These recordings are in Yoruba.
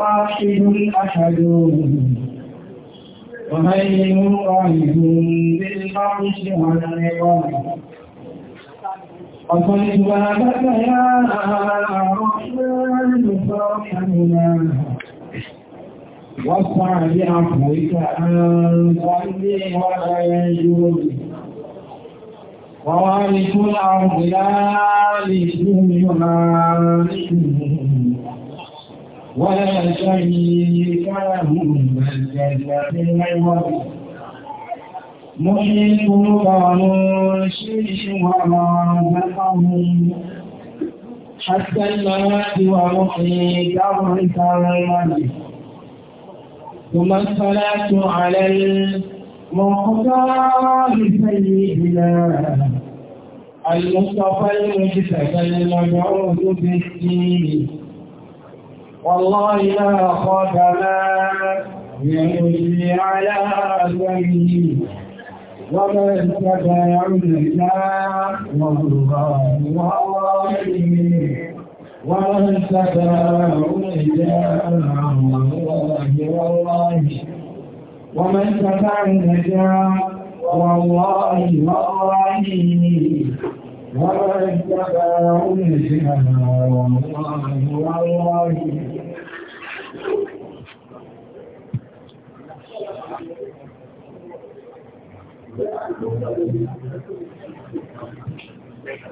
واحد أحد وهيم قائد بالعرش على العظام وقل بابك يا رحمن فارحمنا واسع بعفوك أن قلبي ولا يجوز ووارث الأرض لا لسوء يمارسه ولا شريك له بل جل في العوض محيط قانون الشرك وما رزقهم حتى الممات ومحيط الرزق الملك ثم الصلاة على المختار سيدنا المصطفى المجتبى المبعوث بالدين والله لا خاتما يمشي على أبيه وما استطاعوا الإله والله والله وما استطاعوا الإله والله والله وما استطاعوا النجاة والله والله وما استطاعوا الإله والله والله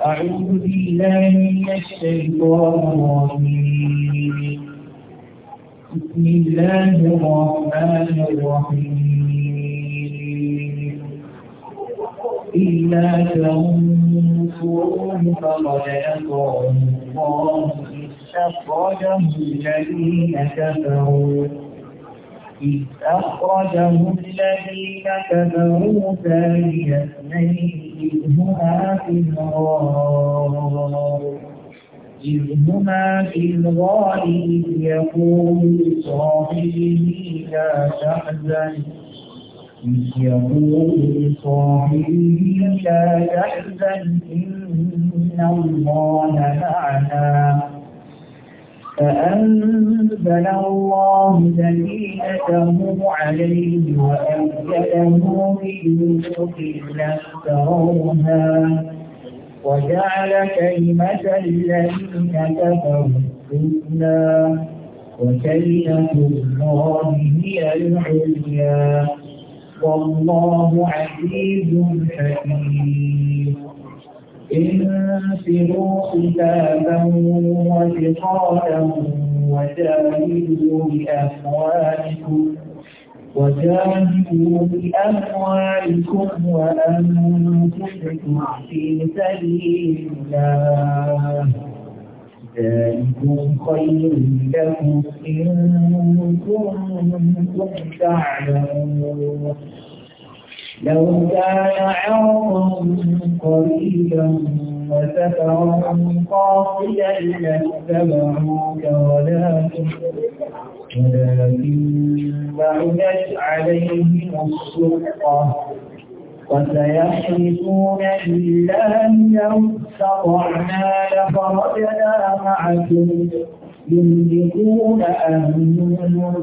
أعوذ بالله من الشيطان الرجيم بسم الله الرحمن الرحيم إلا تنصروه فقد أطاع الله إذ أخرجه الذين كفروا أخرجه الذين كفروا ثاني اثنين هما في الغار إذ هما في الغار إذ يقول لصاحبه لا تحزن إذ يقول لصاحبه لا تحزن إن الله معنا فأنزل الله دليلته عليه وأنزله بجنود لا ترونها وجعل كلمة الذين كفروا السفلى وكلمة الله هي العليا والله عزيز حكيم انفروا حسابا وثقالا وجاهدوا بأموالكم وجاهدوا بأموالكم وأنفسكم في سبيل الله ذلكم خير لكم إن كنتم تعلمون لو كان عرضا قريبا وسفرا قاصدا لاتبعوك ولكن ولكن بعدت عليهم السلطة وسيحلفون بالله لو استطعنا لخرجنا معكم يملكون أنفسهم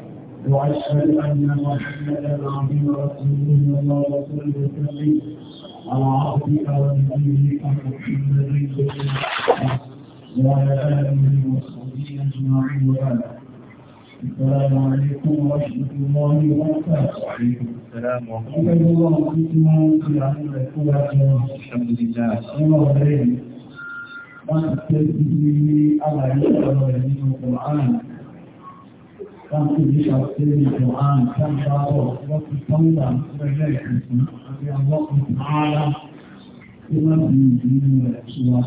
وأشهد أن محمدا عبده ورسوله اللهم صل وسلم على عبدك ونبيك محمد وعلى آله وصحبه أجمعين وبعد السلام عليكم ورحمة الله وبركاته وعليكم السلام ورحمة الله وبركاته الحمد لله الله عليه ما تستفيد على يسر من القرآن wọ́n ní ṣàkóso ìjọ àrùn tí wọ́n bá rẹ̀ ṣùgbọ́n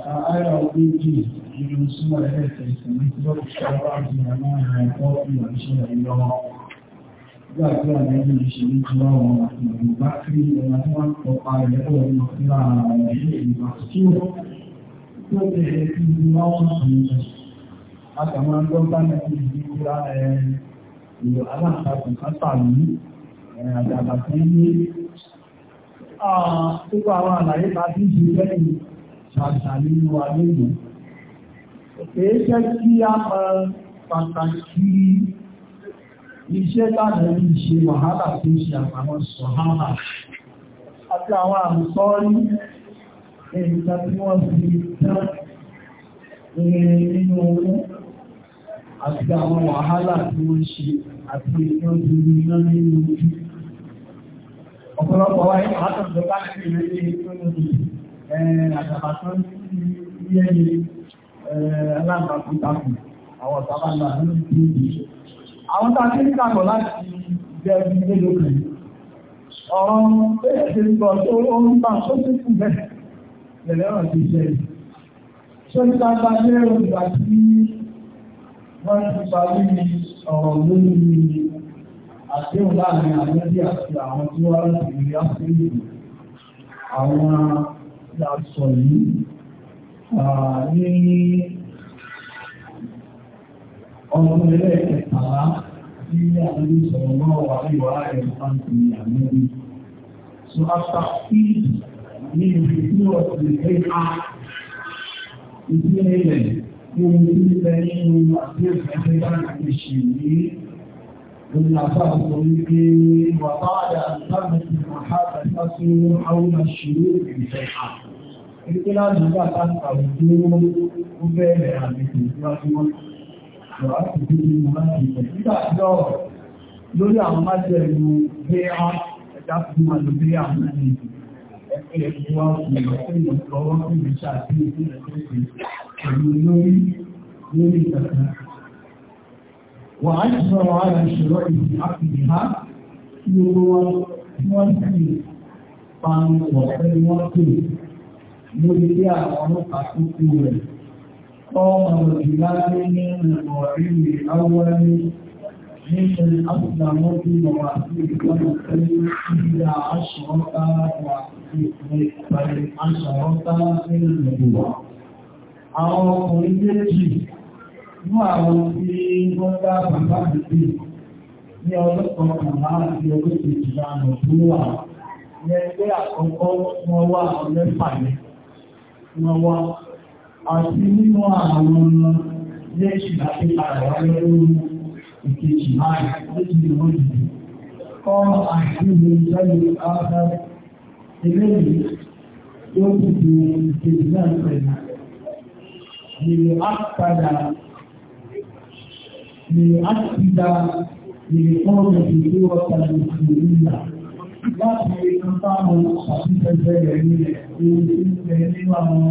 ká ayọ̀ méjì nínú súnmọ́ ẹ̀rẹ́ ìkẹsàn ní tí wọ́n ti ṣàkóso àti àwọn ẹ̀rọ ẹ̀kọ́ ìwà iṣẹ́ ìlọ Nígbà tí àwọn ẹgbẹ́ yìí ṣe ní tí wọ́n wọ́n àti ìlú bá kí ẹ̀rọ tí wọ́n tọ́ pa ẹ̀rọ ìmọ̀ sí láàárín ìlò aláǹtakùn kátà ní àjàgbà tó ní púpọ̀ àwọn àlàyé bá bí jù lẹ́yìn ṣàṣà nínú alẹ́gbò. Èé jẹ́ kí a mọ pàtàkì iṣẹ́ láàrín ní ṣe wàhálà tó ṣe àpamọ́ sọ̀hálà àti àwọn àmùsọ́rí ẹ̀yìn tàbí wọ́n fi tán nínú àti àwọn wàhálà tí wọ́n ṣe àti ìjọ ìlú iná nínú ojú. Ọ̀pọ̀lọpọ̀ wáyé àtọ̀jọ́ bá ti rẹ̀ ní ìpínlẹ̀ àjàbà tó ń rí ẹni alábàákútàkù àwọn sábàlá nínú ìpínlẹ̀. Àwọn tá a ti ń kàkọ̀ láti jẹ́ ibi mélòó kan. Ọ̀rọ̀ bẹ́ẹ̀ ti gbọ́ tó ń bá tó ti kù bẹ́ẹ̀ lẹ́lẹ́rọ̀ ti jẹ́. Ṣé ìgbàgbà lérò ìgbà tí wọ́n ti parí ọ̀rọ̀ lórí àdéhùn láàrin àmẹ́bí àti àwọn tí wọ́n láti rí áfíríkì àwọn yàtọ̀ yìí ní ọdún ẹlẹ́ẹ̀kẹtàlá tí àmẹ́bí sọ̀rọ̀ náà wà ní ìwà rẹ̀ láti àmẹ́bí. So after speed ní ìrìnlẹ̀ ìpínlẹ̀ ìpínlẹ̀ ohun tí bẹ nínú àdéhùn ẹgbẹ́ láti ṣì ní lórí àbáwọ̀ tó ń gbé wà báyà láti màhálà sású àwọn àṣírí ìfẹ́ à. Ẹgbẹ́ láti bá láti àwùjọ ó bẹ̀rẹ̀ àmì ìtẹ̀síwájú wọn. Ìwà ti dé ní wọn láti ìfẹ́. Nígbà tí ọ̀rọ̀ lórí àwọn májẹ̀lú bí a ẹ̀dá fún wọn lórí pẹ̀lú lórí lórí ìtàkùn. Wà á ti sọ̀rọ̀ ara ìṣòro ìdí àpìlì ha tí ó wọ́n tí wọ́n sì pa ń wọ̀ pẹ̀lú wọ́n tó lórí bí àwọn ọlọ́pàá tó kú rẹ̀. قام رجلان من الرعيل الأول ممن أسلموا في مواثيق ونقل إلى عشرة وعشرة من النبوة àwọn ọkùnrin méjì mú àwọn tí wọ́n bá bàbá àti ní ọdún kan màmá àti ọdún kejì lánà tó wà ní ẹgbẹ́ àkọ́kọ́ wọ́n wá àwọn mẹ́fà yẹn wá àti nínú àwọn méjì láti àrà lórí ìkejì máa méjì ni wọ́n dìde kọ́ àti ìlú lẹ́yìn áfẹ́ eléyìí yóò dìde ìkejì náà pẹ̀lú ليؤكد ليؤكد لقوم سورة المسلمين láti ìpamọ́ àtúntẹ̀jẹ́ rẹ̀ ní ohun tí ń tẹ nínú àwọn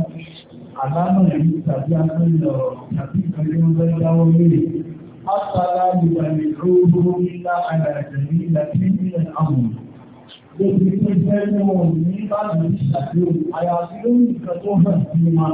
àlánà yìí tàbí akọ́lọ̀ tàbí ìkọ̀lẹ́ ọgbẹ́ dáwọ́ lórí. Àtàlá ìgbàlẹ̀ lóògbó nílá àgbàjẹ̀ ní ìlàtí ìpínlẹ̀ àmọ̀. Gbogbo ìpínlẹ̀ wọn ní bá lè ṣàdéhùn, àyàfi lórí ìkàtọ́ hàn sí máa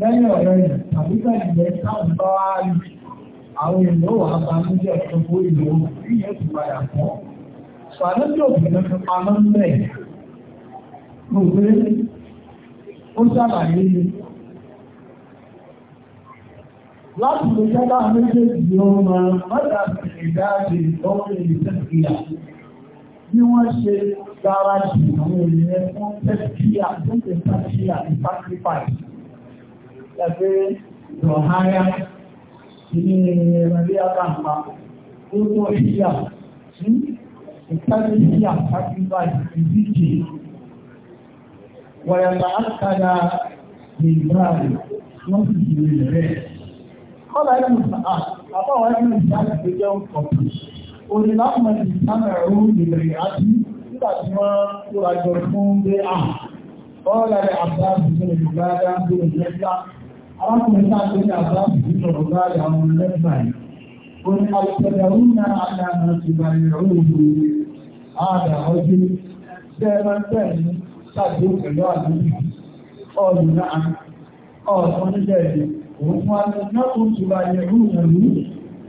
lẹ́yìn ọ̀rẹ́ rẹ̀ tàbí bẹ̀rẹ̀ táwọn bá wá rí àwọn èèyàn wà bá ní jẹ́ ọ̀pọ̀ ìlú ìyẹn ti padà pọ̀. Ṣàlẹ́ tí òbìnrin fi pamọ́ ńlẹ̀ mo pé ó ṣàlàyé ni. Láti lè jẹ́ bá méjèèjì ni ó máa mọ́ta sí ìdájì ìtọ́wé ìtẹ́kìyà bí wọ́n ṣe gbáradì àwọn ènìyàn fún tẹ́kìyà tó ṣe tẹ́kìyà ní ẹgbẹ́ rọ̀háyá ilé ẹgbẹ́ àpapọ̀ gbogbo ìṣíà sí ìtàlẹ́síà pàtíwà ìdíje wọ̀yàtà àkàdà ìgbàlè wọ́n sì ti rẹ̀ rẹ̀ kọ́lá ẹ̀rù sàá àbáwọ̀ ẹ̀rù sàá ti jẹ́ ọ̀pọ̀ onílàmọ̀ ìsàmẹ̀rù ìbẹ̀rẹ̀ àti nígbà tí wọ́n kóra jọ fún gbé à kọ́lá ẹ̀ àbá arákùnrin náà ló ní àbá ìlú sọ̀rọ̀ láàyè àwọn ẹlẹ́gbà yìí ó ní àìsẹ̀dẹ̀rú náà àdá àwọn ti bá yẹ òòlù àdá ọdún bẹ́ẹ̀rẹ̀ bẹ́ẹ̀ ní sáàdé pẹ̀lú àdúgbò ọ̀lù náà ọ̀sán níbẹ̀ yìí òun wọn ni náà ó ti bá yẹ òòlù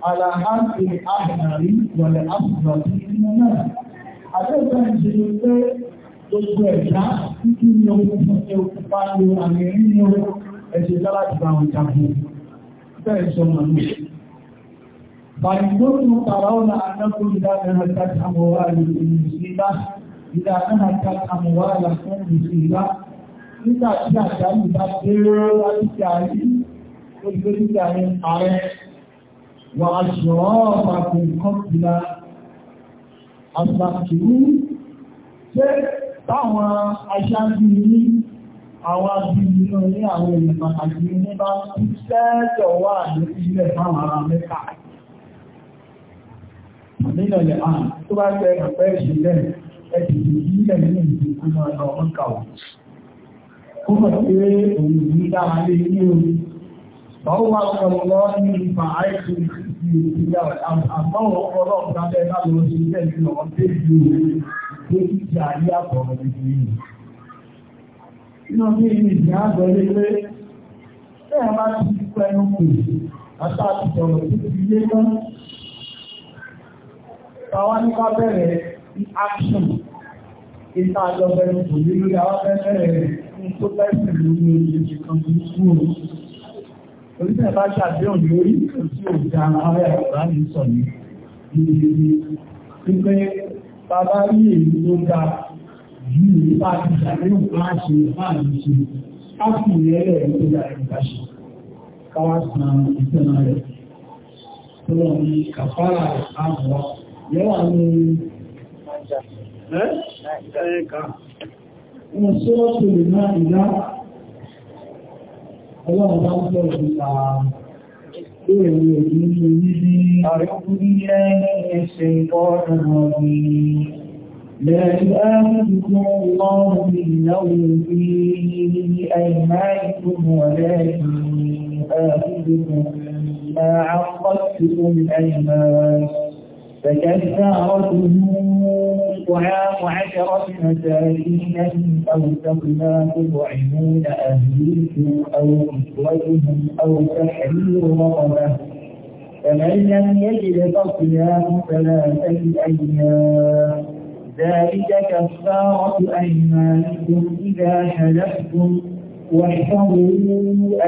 àlàáhàbì àbàrí wọlé àbùrọ̀ sí inú náà àdéhùn ṣe ní pé gbogbo ẹ̀dá títí ní ogun fún ẹ̀ òkú pálọ̀ àmì ẹ̀rí ní ogun ẹ̀ṣẹ̀ láti bá wọn jàbù bẹ́ẹ̀ sọ mọ̀ ní. Bàìgbóòrùn tàràọ́nà anákùn ìdáná àti àmọ́wà ìrìnlẹ̀ ìdáná àti àmọ́wà ìrìnlẹ̀ nígbà tí àjálù bá déró láti ṣe àrí olùgbéjì àrí ààrẹ wà aṣọ ọ̀pàkùn kọ́pìlá àṣàkìrú ṣé táwọn aṣáájú yìí àwọn abìnrin ní àwọn èèyàn pàtàkì ní bá ń sẹ́ẹ̀tọ̀ wà ní ilẹ̀ fáwọn ará mẹ́ta nílẹ̀lẹ̀ àn tó bá jẹ́ ẹ̀pẹ́ ìṣẹ̀lẹ̀ ẹ̀tìtì nílẹ̀ nílẹ̀ ìdíkúnà ọ̀nà kó mọ̀ sí òun ní inú bí i ìdí àgbọ̀ ilé pé ẹ̀ máa ti pẹ́ ẹnu kù àtàkì sọ̀rọ̀ tó ti yé tán. Tàwa ní ká bẹ̀rẹ̀ ní action ìta àjọpẹ́ ní kò ní lórí àwọn bẹ̀rẹ̀ rẹ̀ ní tó bẹ̀rẹ̀ lórí oṣù kan ní kúrò. Oríṣẹ́ bá ṣàdéhùn lórí tí ò dá ara ẹ̀ bá ní sọ ní ìdíje. Wípé bàbá rí èyí tó dáa yìí ní bá ti ṣàlẹ́yìn bá ṣe bá mi ṣe ká sì ní ẹlẹ́ ní ìgbà ìgbà ṣe káwá san ìtẹ́nà rẹ̀ tó lọ ní kàfàrà àwọ̀ yẹ́wà ní wọ́n sọ́rọ́ tó lè máa ìdá ọlọ́run bá ń sọ̀rọ̀ nípa Ìrìn òní ní orí bí àrẹ́kùnrin lẹ́yìn ẹ̀ṣẹ̀ ìkọ́ ọ̀rọ̀ ọ̀gbìn. لا يؤاخذكم الله باللغو في أيمانكم ولكن يؤاخذكم بما عقدتم الأيمان فكفارته طعام عشرة مساكين من أوسط ما تطعمون أهليكم أو كسوتهم أو تحرير رقبة فمن لم يجد فصيام ثلاثة أيام ذلك كفارة أيمانكم إذا حلفتم واحفظوا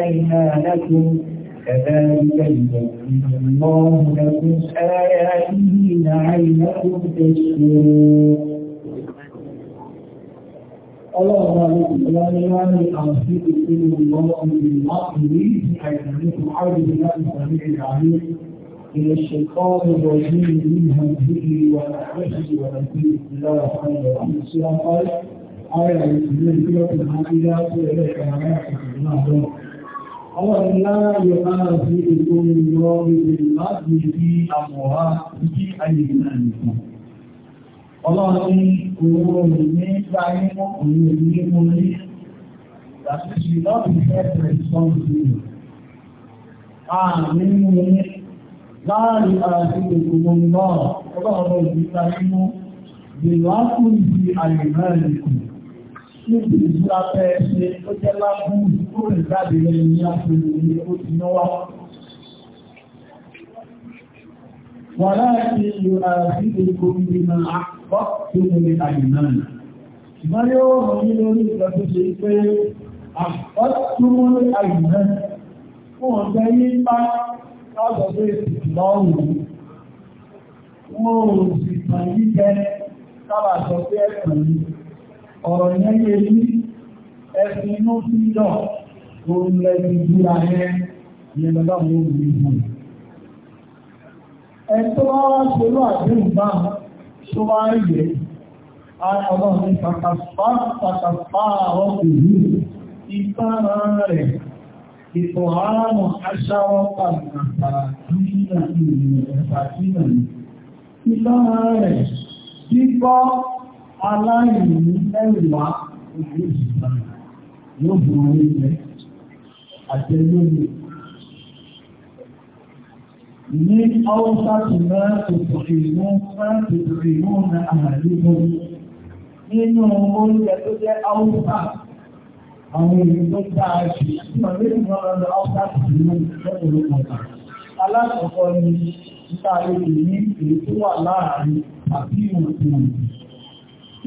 أيمانكم كذلك يبين الله لكم آياته لعلكم تشكرون الله آل يعني أعصيك إلا الله بالمقر في أيمانكم عبد الله السميع العليم من الشيطان الرجيم من همزه ونفسه ونفسه الله الرحمن الرحيم سورة قال آية من سورة الحامدة وإليك نعرفك الله أولا لا يؤاخذكم الله بالعدل في أمواتكم أيمانكم Ọlọ́run ní owó ní báyé mọ́ òun ò ní mọ́ ní ìdàkejì lọ́pìnrin ẹ̀ẹ́dẹ̀ẹ́sọ́nù sí i. Àà nínú ní láàrin àti ìgbòmò náà ọlọ́ọ̀rọ̀ ìgbìta nínú ìlàkùn ìdí àyìnbá ìlú níbi ìdílá fẹ́ ṣe ó jẹ́ lábú tó rìn jáde lẹ́yìn ní àpẹẹrẹ ilé ó ti náwá. wà láti ìlú àti ìgbòmò náà àpọ̀ tó lè àyìnbá ìlú. ṣùgbọ́n yóò rọ̀ mí lórí ìgbà tó ṣe pé àpọ̀ tó lè àyìnbá ìlú. wọ́n jẹ́ yí lọ́dọ̀ pé lọ́rùn wọn ò sì tàn yí jẹ sábà sọ pé ẹ̀sìn yìí ọ̀rọ̀ yẹn yé ní ẹ̀sìn inú sí náà tó ń lẹ́yìn ìgbúra yẹn ní ẹgbẹ́ àwọn olùgbé ìgbà. ẹ̀tọ́ ṣolú àdéhùn bá tó bá ń yẹ ọlọ́run ní ìfọ̀hánù aṣáwọ́pà nàfàdínà ìrìnàfàdínà ìlọ́ rẹ̀ bíbọ́ aláìní mẹ́rìnwá ojú ìsìnkà yóò bú orí rẹ̀ àtẹ́lórí ní ọ́wọ́sá tí náà tòtò ìmú náà tòtò ìmú náà àhàlẹ́ nínú oúnjẹ tó jẹ́ ọ́wọ́sá àwọn èèyàn tó dáa ṣe tí wọ́n lè mọ́ ọ̀rọ̀ ọ́pàá sí lọ́pọ̀lọpọ̀ ọ̀gá. Alákọ̀ọ́kọ́ ni nípa lórí ní èyí tó wà láàárín àti ìwọ̀n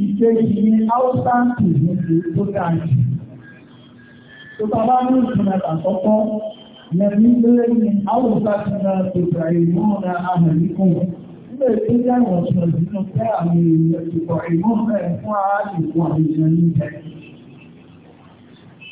Ìkejì ni áùsáǹtì ní èyí tó dáa jù. Tó bá bá ní ìsinmi àtàkọ́kọ́, yẹ̀mí lé ní áùsáǹtì náà tó gbà ìmọ̀ ọ̀nà àmàlíkùn. Ilé tó jẹ́ ìwọ̀n sọ̀rọ̀ nínú àwọn èèyàn ti kọ̀ ìmọ̀ ọ̀nà ẹ̀fún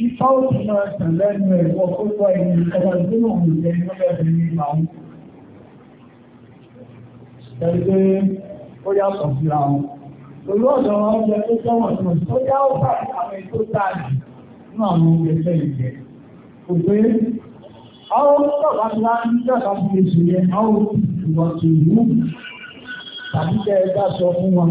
kí fáwọ́sì máa tàn lẹ́nu ẹ̀wọ́ kó wá ẹni ọba gbóná òun jẹ ní ọjọ́ ìrìn ní àwọn ẹgbẹ́ ó yàtọ̀ síra wọn pẹ̀lú ọ̀dọ̀ wọn jẹ tó tọ́wọ̀n tó tó yá ó bá àwọn ètò táàdì nínú àwọn oúnjẹ tẹ́ ìjẹ kò pé àwọn ọlọ́pàá ti wá ní ìjọba fi lè ṣe yẹn àwọn olùwọ̀n tó yìí tàbí tẹ́ ẹ bá sọ fún wọn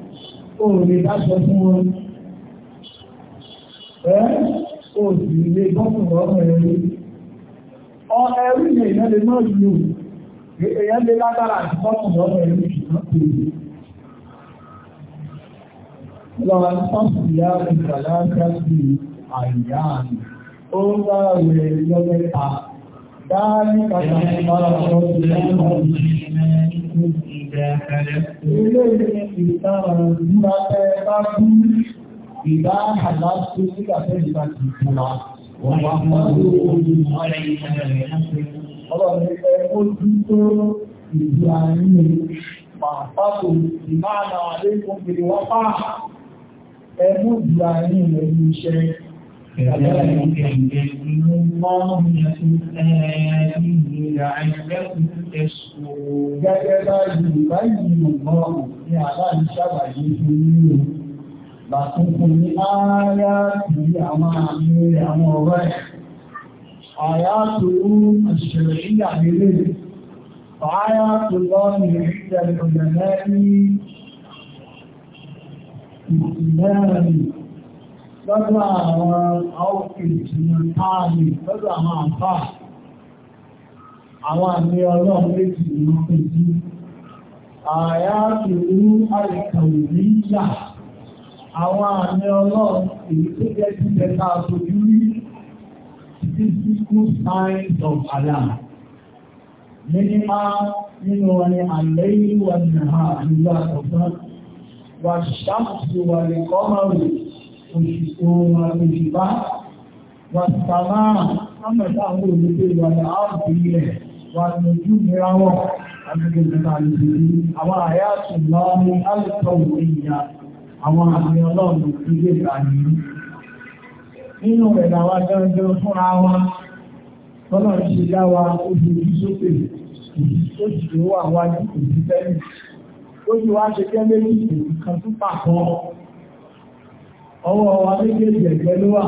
òun lè dáṣọ fún wọn ẹ́ o sì lè bọ́sùn ọmọ ẹ̀rí ọ ẹ̀rí ni èèyàn lè náà lò èèyàn lè lágbára àti bọ́sùn ọmọ ẹ̀rí ṣùgbọ́n kò lè lọ́wọ́ bọ́sùn ìyá ìgbàlá kásì àyà àmì ó ń bá rẹ̀ lọ́mẹ́ta dáa ní kàtàkì máa lọ́wọ́ sí ọmọ ìṣẹ́ Ìbá àlàáfíà nígbà fẹ́ ìgbà ti fúnra, wọ́n wá máa ń lò ó ní ọ̀rẹ́ ìṣẹ̀lẹ̀ rẹ̀ láti ọlọ́run ẹ ojú tó ìdí àárín pàápàá ìmáàlà àlékún kiri wọ́n pàá ẹmú ìdí àárín rẹ̀ ní iṣẹ́ كذلك يبين الله لكم آياته لعلكم تشكرون كذلك يبين الله يعني شرع يسير Bàtúnkún ní ààyà tí a máa ní àwọn ọ̀rẹ́ ẹ̀. Àyà tó ṣẹlẹ̀ ìyà nílé, àyà tó lọ ní ìrìnlẹ̀ ìrìnlẹ̀ ní ìrìnlẹ̀ lọ́dọ̀ àwọn ọ́fíìsì ní táàlì lọ́dọ̀ àwọn àpá àwọn àmì ọlọ́run méjì ní ọkùnrin àyá ìlú àìkàwòrí yà àwọn àmì ọlọ́run èyí tó jẹ́ sí ẹ̀ka àtòjú rí physical signs of alarm mínímá nínú wọn àlẹ́ ìlú àmì àmì àtọ̀gbọ́n wà ṣáàtì wà lè kọ́ mọ́rin òṣìbá wàtàmá àmọ̀tá àwọn olùgbé ìwàlẹ̀ ààbò ilẹ̀ wà lójú mìíràwọ̀ àgbègbèta ìdìrí àwọn àyà ṣùgbọ́n ní alìsọ̀ òwúrìyà àwọn àmì ọlọ́run tó gbé ìgbàní nínú rẹ̀ làwọn dandan fúnra wa tọ́lọ̀ ń ṣe dá wa ojú sókè òṣìṣẹ́ wà wájú òṣìṣẹ́ lójú wa ṣe jẹ́ méjì kan tó pàkọ́ ọwọ́ wa méjèèjì ẹ̀gbẹ́ ló wà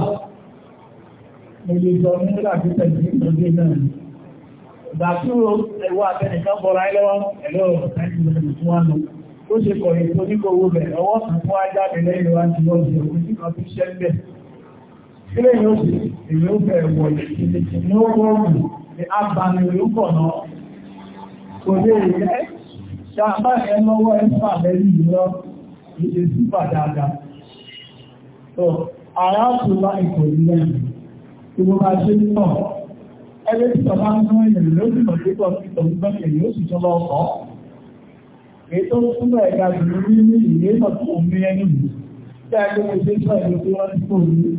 mo lè sọ ní láti tẹ̀lé ìtọ́jú náà ìgbà tí ó ẹwà àtẹnìkan bọ́ra ẹlọ́wọ́ ẹ̀lọ́ ẹ̀lẹ́gbẹ̀rún wọn lọ ó ṣe kọ̀ èyí tó nígbà owó bẹ̀rẹ̀ ọwọ́ kan fún ajáde lẹ́yìn wa ti lọ sí òkú tí kan fi ṣẹ́ ń bẹ̀ kí lẹ́yìn ó sì èyí ó bẹ̀rẹ̀ wọ̀ ìdíje ní ó rọrùn ní abàmì olùkọ̀ náà kò lè rẹ̀ ṣàbá ẹ̀ lọ́wọ́ ẹ̀ fà lẹ́yìn lọ ìṣesí pàdáadáa So, ara tó bá ìkò ilé ìwọ̀n bá ṣe ń pọ̀. Ẹgbẹ́ tí bàbá ń mú ìrìn lórí ìmọ̀lẹ́pọ̀ sí ìtọ̀gbọ́n èyí ó sì jọba ọkọ̀. Èyí tó túnbọ̀ ẹ̀ka jùlọ ní ní ìwé náà tó mú ẹnu yìí. Tí a gbé ṣe sọ ìlú tó wọ́n ti kò ní.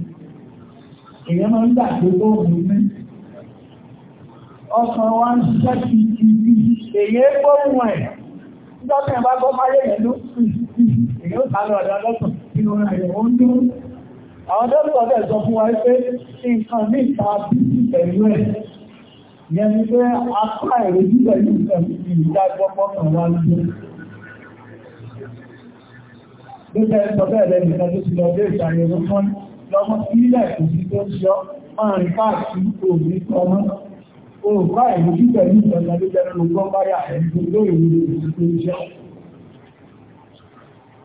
Èyí máa ń gbà pé tó wù mí. Ọkàn wa ń ṣiṣẹ́ ti ti bí èyí gbóhùn ẹ̀. Nígbà tí a bá gbọ́ máyé yẹn ló ń pè sí èyí àwọn dọ́lù ọ̀dẹ́ ìjọ fún wa pé nǹkan ní ìta bíbí pẹ̀lú ẹ̀ yẹn ni pé apá ìrètí pẹ̀lú ìdájọ́ pọ̀kan wá ní Gbogbo ẹ̀sọ́ bẹ́ẹ̀ lẹ́nu ìta tó ti lọ bí ìṣàyẹ̀wò fún lọ́mọ sílẹ̀ kò sí tó ń ṣọ́ máa káàkiri òbí ọmọ. Òǹkà ìrètí pẹ̀lú ìṣàyẹ̀wò fún lọ́mọ sílẹ̀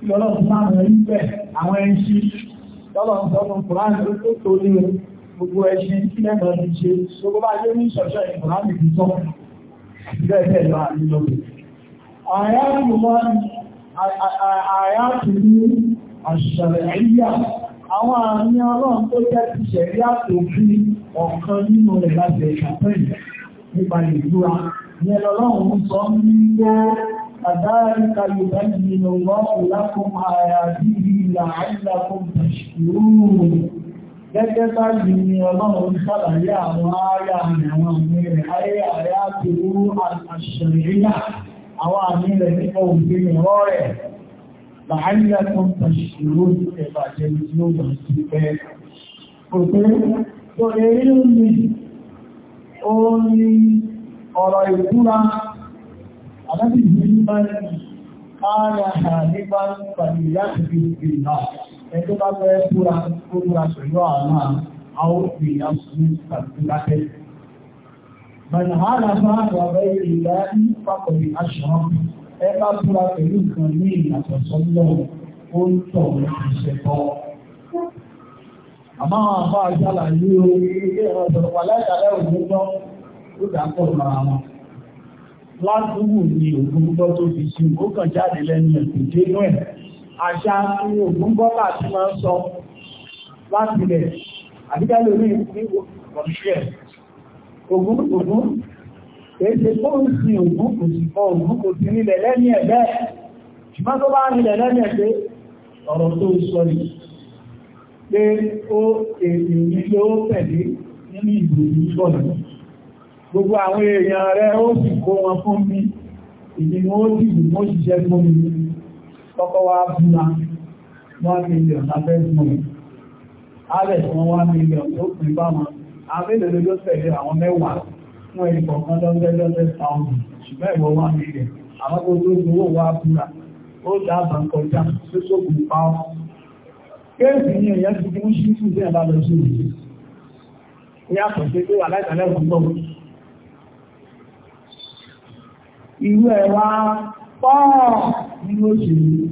tí ọlọ́run máa rẹ̀ ń bẹ̀ àwọn ẹṣí lọ́lọ́run sọ́nà kùránì ló tó tó ní gbogbo ẹṣí tí lẹ́nà ti ṣe gbogbo bá yé ní ṣọ̀ṣọ́ ìkùránì ti tọ́ bẹ́ẹ̀ lọ àrílò àyàtùmí àṣàrẹ̀yà àwọn àmì ọlọ́run tó jẹ́ ti ṣẹ̀rí àtòkú ọ̀kan nínú كذلك يبين الله لكم آياته لعلكم تشكرون gẹ́gẹ́ báyìí ni ọlọ́run ṣàlàyé àwọn ààyà àmì àwọn àmì rẹ̀ ayé àyà ti rú àṣìríyà àwọn àmì rẹ̀ nípa òfin ìrọ́ rẹ̀ alábì mímọ́ káàrà àdébá pàdé láti fi ìgbè náà ẹjọ́ bá fẹ́ fúra tó fúra pẹ̀lú àwọn àwọn òfin àṣírí pàdé láti bàtà hàrà bá wàbẹ́ ìlà ní pàkọ̀lì aṣọ ẹ bá fúra pẹ̀lú nǹkan ní ìyàtọ̀ sọ́lọ́ ó ń tọ̀ ìṣẹ̀tọ̀ àmọ́ àwọn àbá àjálà yìí ó ilé ìrọ̀sọ̀rọ̀ wà láìka lẹ́rù nígbọ́ ó dà pọ̀ wọn látúwù ní ògúngbọ́ tó fi sí ó kàn jáde lẹ́nu ẹ̀kùn dénú ẹ̀ àṣà ní ògúngbọ́ láti máa ń sọ láti rẹ̀ àdíkálò ní ọ̀ṣẹ́ ògún ògún èsè tó ń sin ògún kò sì fọ ògún kò sí nílẹ̀ lẹ́ni ẹ̀ bẹ́ẹ̀ ṣùgbọ́n tó bá nílẹ̀ lẹ́ni ẹ̀ pé ọ̀rọ̀ tó sọ ni pé ó èdè ní ló tẹ̀lé nínú ìgbòmí bọ̀lọ̀ gbogbo àwọn èèyàn rẹ̀ ó sì kó wọn fún mi ìdínú ó sì bù mọ́ ṣiṣẹ́ fún mi kọ́kọ́ wá búra wọ́n mílíọ̀n lábẹ́ fún mi alẹ́ fún wọ́n mílíọ̀n tó pín bá wọn abẹ́lẹ̀lẹ́ ló tẹ̀lé àwọn mẹ́wàá fún ẹni kọ̀ọ̀kan lọ́gbẹ́ lọ́gbẹ́ sáwọn ṣùgbọ́n ìwọ wọ́n mílíọ̀n àwọn gbogbo owó wá búra ó dábàá kọjá tó sókùn pa ọ́ kéèsì ní èèyàn ti fi ń ṣí fún sí ẹ̀bá lọ sí irú ẹ̀ wá pọ̀ nínú òṣèlú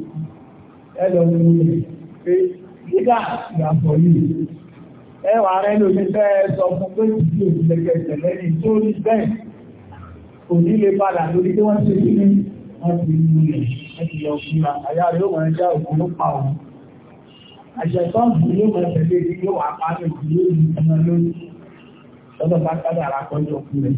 ẹlọ́run rẹ̀ pé nígbà ìyàtọ̀ yìí ẹwà rẹ̀ ló ní fẹ́ sọ fún pé ìdí òṣìlẹ̀kẹsẹ̀ lẹ́yìn tó rí bẹ́ẹ̀ kò ní lè padà lórí tí wọ́n ṣe sí ní wọ́n ti rí ẹ̀kì lọ àyà rẹ̀ ó wọ̀nyẹ́ já òkú ló pa òun àṣẹ̀tọ́ bù yóò mọ̀ tẹ̀lé ní yóò wà pa ní ìdí ní ọmọ lórí lọ́dọ̀ bá kádà àràkọ́jọ́ fún rẹ̀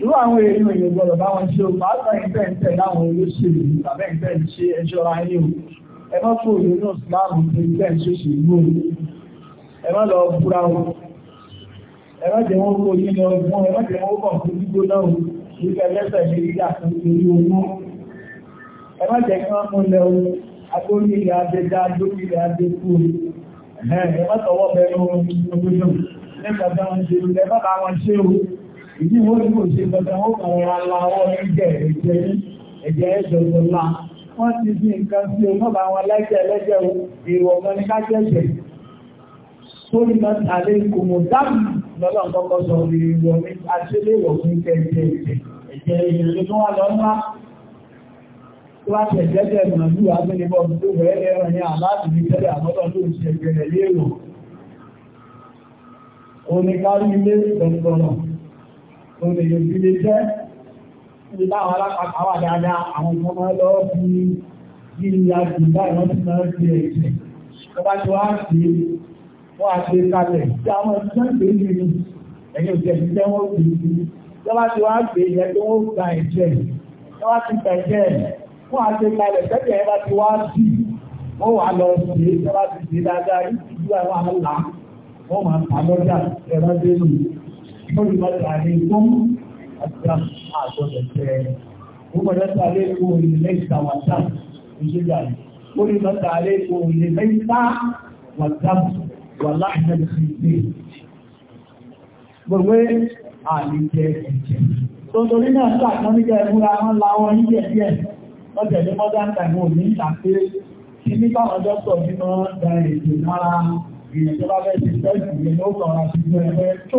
irú àwọn èèyàn èèyàn gbọ́dọ̀ bá wọn ṣe o pàápàá ìfẹ́ ìfẹ́ láwọn olóṣèlú tàbí ìfẹ́ ìṣe ẹjọ́ ayé o ẹ má fún òye náà síláàmù tó ìfẹ́ ìṣe ṣe ìlú o ẹ má lọ búra o ẹ má jẹ́ wọn kó yín lọ gbọ́n ẹ má jẹ́ wọn kàn fún gbígbó náà o nígbà lẹ́sẹ̀ ní ilé àtúntò orí owó ẹ má jẹ́ kí wọ́n mú lẹ o agbórí ilẹ̀ adẹ́dá lórí ilẹ̀ adẹ́kù ẹ má tọwọ́ bẹ́ẹ̀ ní ogun náà nígbà tí wọ́n ṣe ìdí wọ́n tí kò ṣe gbọ́dọ̀ wọ́n kàn wọ́n aláwọ̀ ẹ̀jẹ̀ ẹ̀jẹ̀ ẹ̀jẹ̀ ẹ̀jẹ̀ ọ̀la wọ́n ti fi nǹkan sí ọmọ bá wọn lẹ́jẹ̀ lẹ́jẹ̀ ìwọ̀ ọmọ ní kájẹ̀jẹ̀ tó ní lọ tàlé ìkùnmọ̀ dáàbì lọ́lọ́ kọ́kọ́ sọ ìwọ̀ ní aṣẹ́lẹ̀wọ̀ fún ẹ̀jẹ̀ ẹ̀jẹ̀ ìrìnlẹ̀ tó wà lọ́nà láti ẹ̀jẹ̀jẹ̀ ìrìnàlú àbínibọ̀ tó bẹ̀rẹ̀ ẹ̀rọ ní àláàbì ní tẹ́lẹ̀ àmọ́tọ̀ tó ń ṣe ẹgbẹ̀rẹ̀ lérò oníkárí ilé ìgbẹ̀gbọ̀nà òun èyàn bí lè jẹ́ ní táwọn wà dáadáa àwọn ọmọ lọ bí bí àti báyìí wọ́n ti máa fi ẹ̀jẹ̀ wọ́n bá ti wá sí wọ́n á ṣe kalẹ̀ tí àwọn ẹ̀jẹ̀ ń gbé ẹ̀yìn òjẹ̀ ti jẹ́ wọ́n gbé nínú tí wọ́n bá ti wá tó wọ́n gba ẹ̀jẹ̀ tí wọ́n wọ́n á ṣe kalẹ̀ tẹ́tẹ̀ ẹ̀ bá ti wá sí wọ́n wà lọ sí tí ti dáadáa حرمت عليكم الدم أعطوا الدم حرمت عليكم الميت والدم بجلال حرمت عليكم الميت والدم واللحم الخنزير gbogbo àmì jẹ ẹ̀jẹ̀. Tòtòrí náà sí àkànníkẹ́ ẹ̀múra wọn láwọn yíyẹ̀ díẹ̀ lọ́jẹ̀ ní modern time òní àti kí ní báwọn dọ́tọ̀ nínú da èdè nára ìrìnàjọba bẹ́ẹ̀ ti fẹ́ ìgbìyànjú ọ̀rọ̀ àti ìgbìyànjú ẹgbẹ́ tó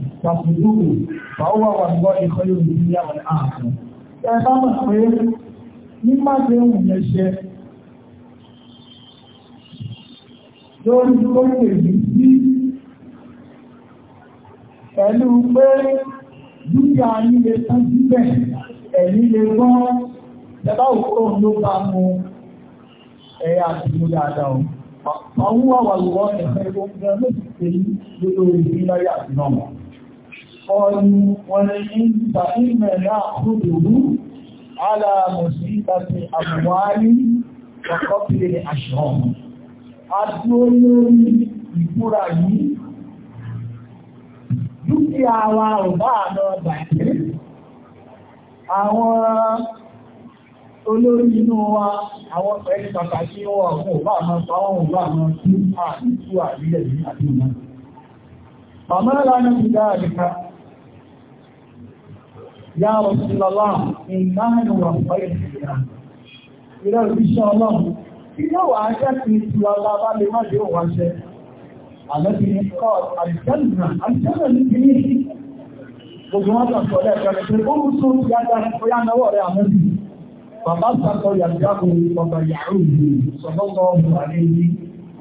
tàbùdùkù fàáwà wà ní wọ́n ìkọ́ yóò ní ilé àwọn ààrùn. Ẹ bá mọ̀ pé ní má ń wùn ẹṣẹ́ lórí tó pè ní sí pẹ̀lú pé dúkìá yín lè tán síbẹ̀ ẹ̀yìn lè gbọ́n ẹ̀bá òkúrò ló bá mú ẹ̀yà àti dáadáa Àwọn wà ẹ̀fẹ́ ìgbóngbẹ́ ló ti pè ní lórí ìrìnlẹ́yà náà. قالوا ولئن فإن يأخذه على مصيبة أموال وقتل الأشرار Adúlórí ìfúra yìí, dúkìá wa ò bá àmọ́ bàjẹ́, àwọn olórí inú wa, àwọn ẹni pàtàkì wọn ọ̀gbọ̀n ò bá àmọ́ pàwọn ò bá àmọ́ tí àìsú àrílẹ̀ ní àdúgbà. Bàmọ́ lánàá ti dáadìka, yá ọ̀sùnlọ́lá ìmáàlù ọ̀pọ̀ ìrìnà ìrẹ́ òbíṣẹ́ ọlọ́run kí yóò wà ájẹ́ kí ìtùlọ́lá bá lè má yóò wáṣẹ́ àlẹ́bí ní kọ́ àìsẹ́lùmọ̀ àìsẹ́lùmọ̀ ní kí ní gbogbo wọn tàn sọ́lẹ̀ ẹ̀kẹ́rẹ́ pé ó rúsù yájá ọyá náwọ̀ rẹ̀ àmẹ́bí bàbá sàkọ̀ yàjáko ọba yàrá òbí sọ̀lọ́gbọ̀ ọmọ àlẹ́bí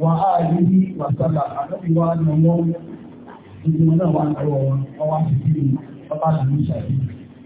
wà á àlẹ́bí wà sálà àlẹ́bí wà á nà wọ́n gbogbo náà wà náwọ̀ wọn ọwá sí kí ni ọba àlẹ́bí ṣàlẹ́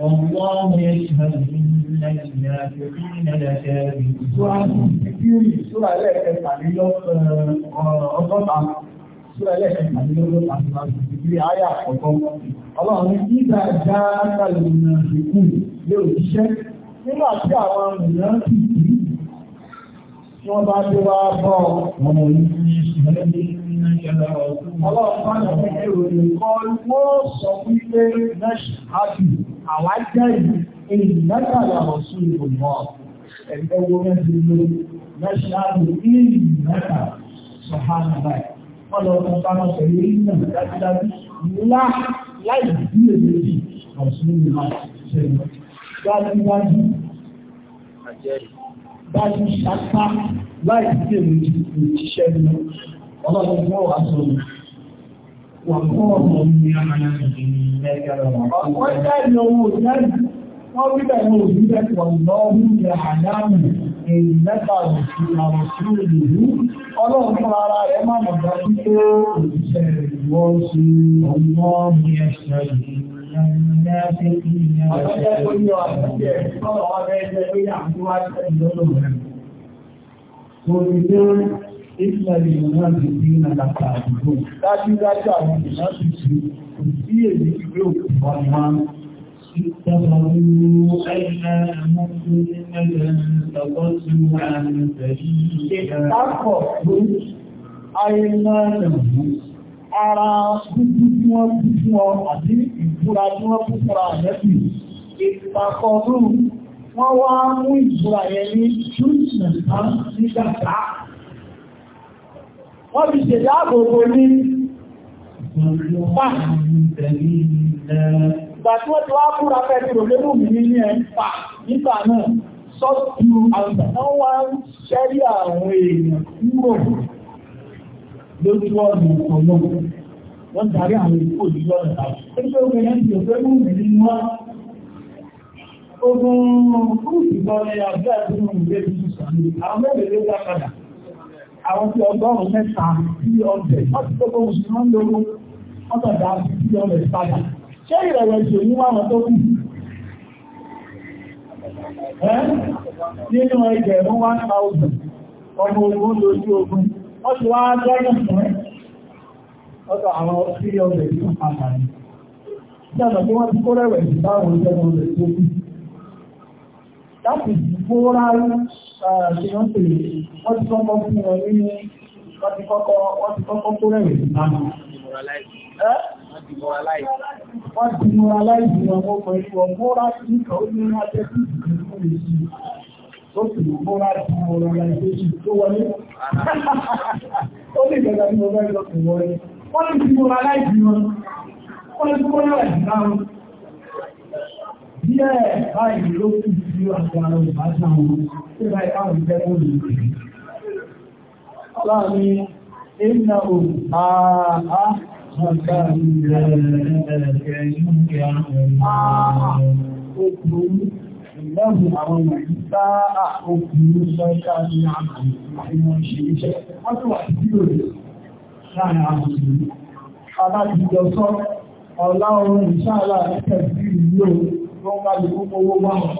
والله يشهد إن المنافقين لكاذبون. سورة الكفير سورة لك أضطع سورة لك أضطع الكفير آية أضطع الله إذا جاءك المنافقون yóò ṣiṣẹ́ nígbà tí àwọn ènìyàn sì sí tí wọ́n bá dé wá bọ́ ọmọ yìí ọlọ́run bá yọ̀ fún ẹrù ìkọ́ wọ́n sọ wípé mẹ́ṣ àwa jẹ́rìí èyí mẹ́tàlá ọ̀sùn ìgbòmọ̀ ẹ̀gbẹ́ wo mẹ́tàlá ló mẹ́tàlá èyí mẹ́tà sọ̀hánà báyìí wọ́n lọ fún pamọ́ pẹ̀lú èyí náà dájúdájú ńlá láì bí èyí ọ̀sùn ìgbòmọ̀ ṣẹlẹ̀ dájúdájú dájú ṣáká láì bí èyí òṣìṣẹ́ nínú ọlọ́run fún ọ̀wá sọ̀rọ̀. وقوموا بعمل إنك لغفور Ọdúnbẹ̀ ni òṣìṣẹ́ pọ̀lọ́rún jẹ àdámù ìrìnlẹ́ta òṣìṣẹ́ òṣìṣẹ́ ìlú, ọlọ́run ara rẹ̀ máa mọ̀ dájú pé òṣìṣẹ́ ìwọ́n sí ọmọ ẹ̀ṣẹ̀ ìrìnlẹ́ ìlàrí ìrìnàjò bí i nàlàkà àdúgbò dájúdájú àwọn ìrìnàjò tí kò sí èdè ìgbé òkú wọn máa ń اتخذوا أيمانهم تقسم عن سبيل اتخذوا أيمانهم ara gbogbo tí wọ́n kú fún ọ àti ìbúra tí wọ́n kú fúnra àjẹ́bì ìpàkọ̀ọ́rùn wọ́n wá mú ìbúra yẹn ní ṣúùsùn ní dàgbà wọ́n fi ṣe dáàbòbò ní pàà ìgbà tí wọ́n ti wá fúra pẹ̀lú olébù mi ní ẹ̀ pà nígbà náà sọ́tù àwọn wá ń ṣẹ́rí àwọn èèyàn kúrò lójú ọ̀nà ọ̀nà wọ́n darí àwọn ìkó ìlú ọ̀nà tàbí. Ẹgbẹ́ obìnrin ti òfẹ́lú mi ní wọ́n ogun kúrùsì lọ ní àbúrà tí wọ́n ń gbé bí sàmì àwọn mẹ́rin ló dá padà àwọn tí ọgọ́rùn-ún mẹ́ta bí ọ̀dẹ̀ ọtí tó gbogbo oṣù máa ń lóró ọ̀tọ̀dá bí ọ̀dẹ̀ padà ṣé ìrẹ̀wẹ̀sì òní wà wọn tó kù nínú ẹgbẹ̀rún 1000 ọmọ ogun lójú ogun wọ́n ti wá gọ́ọ̀nà fún ẹ́ ọ̀tọ̀ àwọn tí ọ̀dẹ̀ tó padà ní ìjọba tí wọ́n ti kó rẹ̀wẹ̀sì báwọn ìjọba rẹ̀ tó kù láti ìgbóra ṣe wọ́n ti kọ́kọ́ fún wọn pẹ̀lú wọn mọ́ra ìkà ó ní ajẹ́ sí ìgbìmọ̀ èsì tó sì mọ́ra sí ọ̀rọ̀ láìsí tó wọlé. Ó ní ìgbẹ̀gbẹ̀ tí mo bẹ́ wọlé. Wọ́n ti mọ́ra láìsí díẹ̀ báyìí ló kù sí àgbàrá ìbáṣà wọn tí báyìí káwọn ìfẹ́ kó lè rí. Ọlọ́run ni, "Ìnà àwọn ọmọ ìlẹ́bù àwọn ìrìn sáà òkùnrin sọ́ọ́ká ní àwọn ìwọ̀n ìṣẹ́lẹ́ṣẹ́ wọ́n tó wà sí wọ́n bá lè kó owó wá wọn.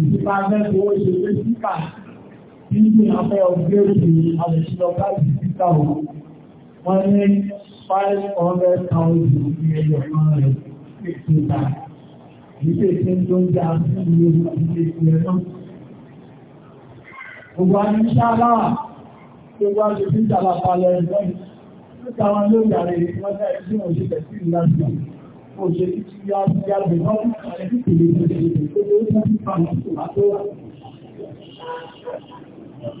Ìjọba mẹ́rin owó ṣe pé síkà tí ní afẹ́ ọgbẹ́rù ní àlẹ́ṣílọ láti síkà wọn. Wọ́n ní 500,000 ní ẹyọ kan rẹ̀ pèsè ta. Ìgbé tí ń tó ń jà sí ìlú ìgbé tí ẹ náà. Gbogbo àti ṣáàlá tó wá ṣe sí ìjàlá palẹ̀ ẹ̀gbọ́n. Ó ta wọn ló yàrá ìwọ́n òṣè títí yá gbẹ̀ náà àti ìpìlẹ̀ ìpìlẹ̀ ìpìlẹ̀ tó ń fa ìpìlẹ̀ tó wà.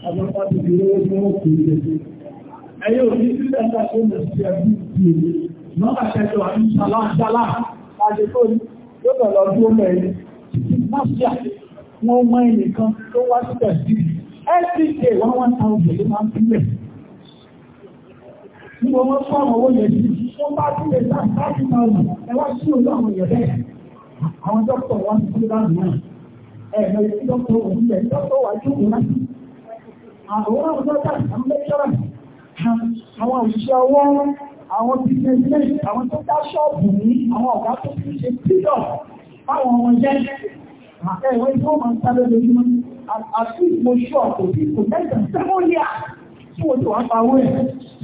Àjọpá ti fi lówó tí wọ́n kò lè. Ẹyẹ òní sí ẹ̀ta tó lè ṣe ẹbí ti èlé. Nọ́mbà kẹjọ àti ṣàlá ṣàlá àti tó ní tó bẹ̀rẹ̀ ọdún ọmọ ẹni. Máṣíà wọ́n mọ ẹnìkan tó wá sí ẹ̀sìn. SDK wọ́n wá máa ń sílẹ̀ ní mo wọ́n fọ́ ọmọ owó yẹn sí wọ́n bá tún lè sá láti máa lù ẹ wá sí òun àwọn èèyàn bẹ́ẹ̀ àwọn dókítà wa ti kúrò láàmú náà ẹ ẹ lọ sí dókítà òun lẹ dókítà wa ti kúrò láti àwọn àwọn dókítà àwọn lẹ́kítọ́rà àwọn òṣìṣẹ́ ọwọ́ àwọn business àwọn tó dá ṣọ́ọ̀bù ní àwọn ọ̀gá tó fi ṣe pílọ̀ fáwọn ọmọ jẹ́ àtẹ̀wé tó máa ń sáré lójúmọ́ àti ìmọ̀ṣọ́ kò sí kò mẹ́sàn-án sẹ́wọ́n yà tí wọ́n ti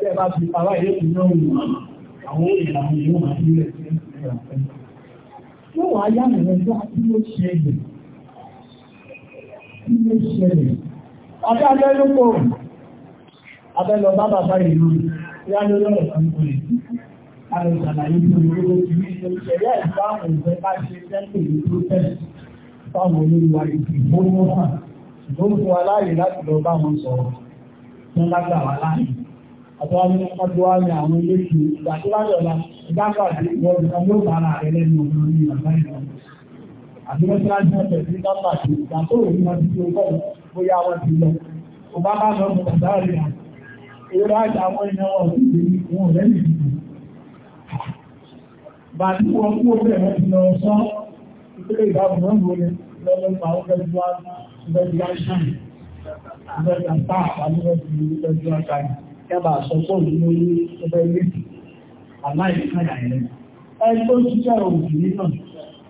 tẹ́ ti pàwà ilé tí ó wù àwọn ìlànà ìlú máa ń lẹ̀ sí ẹ̀rọ Yóò wá yá mi lọ́jọ́ tí ó ṣẹlẹ̀. Tí ó ṣẹlẹ̀. Àbí abẹ́ ló pọ̀. Abẹ́ lọ bá bàbá ìlú. lè. Àrùn ìṣàlàyé ní olówó ti rí ṣe ìṣẹ̀lẹ̀ ìbáwọn ìfẹ́ bá ṣe tẹ́lẹ̀ ní protest fáwọn olóríwá ìgbìmọ̀ wọn hàn. Ṣùgbọ́n fún wa láàyè láti lọ bá wọn sọ̀rọ̀. Wọ́n lágbà wá àtọ́wọ́n àwọn ilé ìṣù ìgbà tó bá yọ̀la ìdágbàdì ìwọ̀dù kan yóò bá ara rẹ̀ lẹ́nu ọ̀gbọ̀n ní ìgbà ìgbà àti wọ́n ti láti ọ̀sẹ̀ sí nọ́mbà tí ìgbà tó rí wọn ti ọkọ̀ bóyá wọn ti lọ kò bá bá lọ mọ̀ dárí à èrò àjà àwọn èèyàn wọn ti lè ní wọn rẹ̀ nìyí bá tí wọn kú ọbẹ̀ wọn ti lọ sọ ìpínlẹ̀ ìdáàbò wọn wọlé lọ́wọ́ pa ó fẹ́ẹ́ wá ìgbẹ́jú àṣà ìgbẹ́jú àṣà yàbà àṣọ́pọ̀ nínú ilé ẹgbẹ́ ilé aláìsíkàyà ẹ̀rẹ́. Ẹni tó ń ṣiṣẹ́ òbí nínà,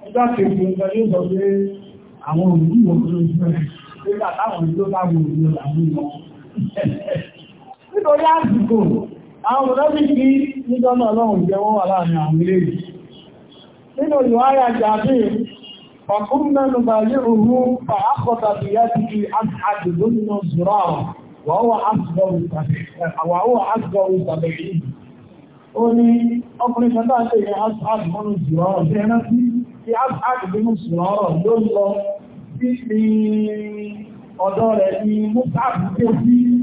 ẹgbẹ́ kejì ọgbà yóò sọ pé àwọn òbí wọn ló ń fẹ́ nígbà táwọn ló bá wọn òbí wọn làwọn ìmọ̀. Nítorí àsìkò, àwọn ọ̀dọ́bí kí níjọ́ náà lọ́hùn jẹ́ wọ́n wà láàrin àwọn ilé yìí. Nínú ìwà ayà jàdé, ọ̀kún mẹ́nu bàyẹ̀ òhun fà ákọ̀tàbí yá ti fi àdìgbò nínú zùrọ̀ àwọn wàhùwà asgọ̀ ìtàbẹ̀ yìí ó ní ọkùnrin kan dáa tẹ̀lé asad mọ́nù jùlọ́rọ̀ bí ẹran sí tí asad bínú jùlọ́rọ̀ ló ń lọ sí ní ọ̀dọ́ rẹ̀ ní musab tó sí ní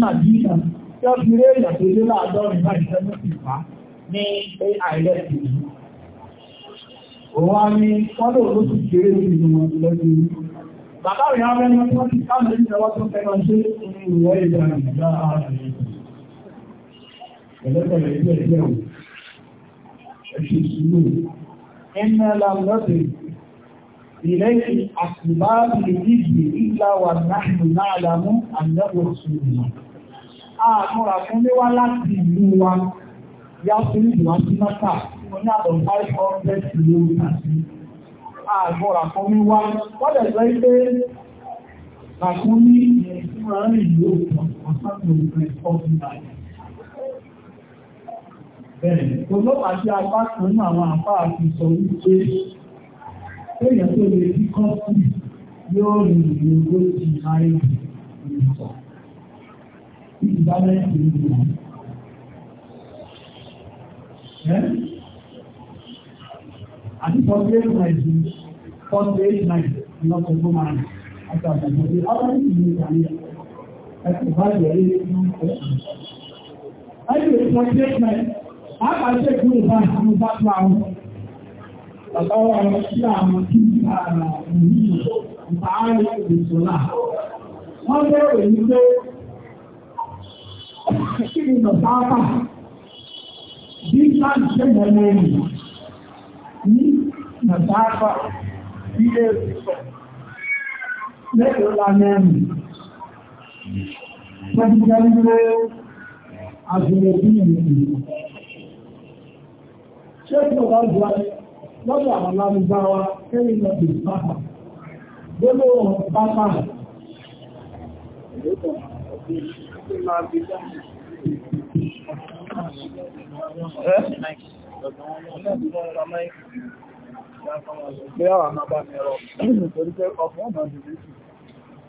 Nàìjíríà tí ó fi rẹ̀ èèyàn tó lé láàdọ́rin láì sẹ́nu sì fà ní AIS òun á ní wọ́n lò Bàbá rẹ̀ àwọn ẹni tó ti káàmù ní ẹwà tó fẹ́ràn ṣe ní ìwọ̀ ìgbà ìgbà ara rẹ̀. Ẹ̀lẹ́pẹ̀lẹ̀ àtìbáàbì ìdíje ìlà wà náà náà lámú àjẹ́bọ̀ sùúrù. Àmúra fún lé láti ìlú wa. Yá sí ìlú wa sí Mọ́ta, wọ́n ní àbọ̀ 500 kìlómítà sí àgbọ̀rà kan wíwá wọ́n lè sọ pé àkún ní ìrìnàmọ́ rìn yóò pọ̀ ọ̀sán tó ń pẹ̀ ọdún láì bẹ̀rẹ̀ tó lọ́pàá sí apá kan ní àwọn àpá àti sọ wípé èèyàn tó lè rí kọ́sì yóò rìn ìrìn ogójì náírà ìrìnàmọ́ ìdálẹ́ ìrìnàmọ́ àti sọ pé forty eight nine not a woman àti àgbàdo ní ọdún ìlú ìgbàlẹ̀ ẹ̀sìn ìbáyọ̀ ẹ̀rí ní ọ̀sẹ̀. Ayé forty eight nine àpàṣẹ kúrò bá àwọn bá tó àwọn bàbá wa lọ sí àwọn kí àrà òní ìbáàrí ìṣòlá. Wọ́n bẹ̀rẹ̀ ní pé kí ni bàbá bá bí sáà ṣe mọ̀ bí èrè sọ mẹ́rìnlá mẹ́rin tó ti gbẹ́gbẹ́ àjùmọ̀ bí ìrìn ṣé tí ó bá gbà lọ́dọ̀ àwọn lágbàwá kẹ́rin lọ bí pápá gbogbo pápá Eh?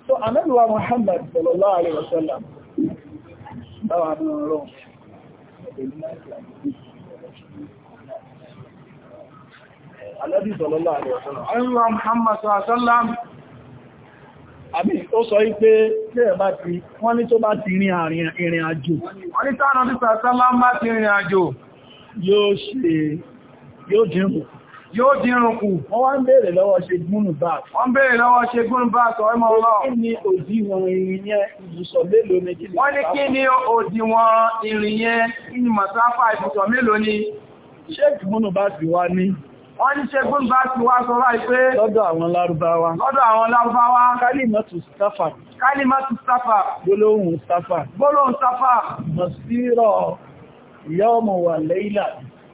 so anẹ́lùwà Muhammad sallallahu alaihi wasallam dáwà Muhammad sallallahu Àbí ó sọ tí bá ti, wọ́n ní tó bá ti rin àjò. Wọ́n ní tánà ti àjò. Yóò ṣe, yóò yóò dínrùn kù. Wọ́n wá ń bèèrè lọ́wọ́ ṣe gúnnù bá. Wọ́n bèèrè lọ́wọ́ ṣe gúnnù bá sọ ẹmọ ọlọ́. Kí ni òdìwọ̀n ìrìn yẹn ibùsọ̀ mélòó ni kí ni? Wọ́n ní kí ni òdìwọ̀n ìrìn yẹn ní màsáfà ibùsọ̀ mélòó ni? Ṣé gúnnù bá ti wá ní? Wọ́n ní ṣe gúnnù bá ti wá sọ láì pé. Lọ́dọ̀ àwọn lárúbáwá. Lọ́dọ̀ àwọn lárúbáwá. Kálímọ̀tù Stafa. Kálímọ̀tù Stafa. Gbólóhùn Stafa. Gbólóhùn Stafa. Mọ̀sírọ̀ yọ́mọ̀ wà lẹ́yìnlá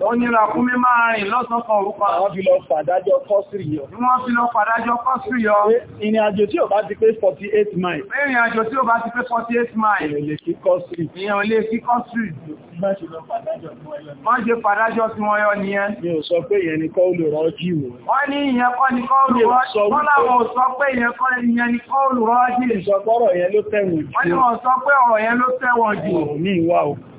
ó nira fún mi máa rìn lọ́sọ̀kan orúkọ àwọn fi lọ pàdájọ́ kọ́sìrì yọ. ní wọ́n fi lọ pàdájọ́ kọ́sìrì yọ. ìrìn àjò tí ò bá ti pé 48 miles. ìrìn àjò tí ò bá ti pé 48 miles. ìrìn lè kí kọ́sìrì. ìrìn lè kí kọ́sìrì. wọ́n ṣe pàdájọ́ tí wọ́n yọ nìyẹn. mi ò sọ pé ìyẹn ni olùrọ̀ jì wò. wọ́n ní ìyẹn kọ́ ni kọ́ olùrọ̀ jì. wọ́n láwọn ò sọ pé ìyẹn kọ́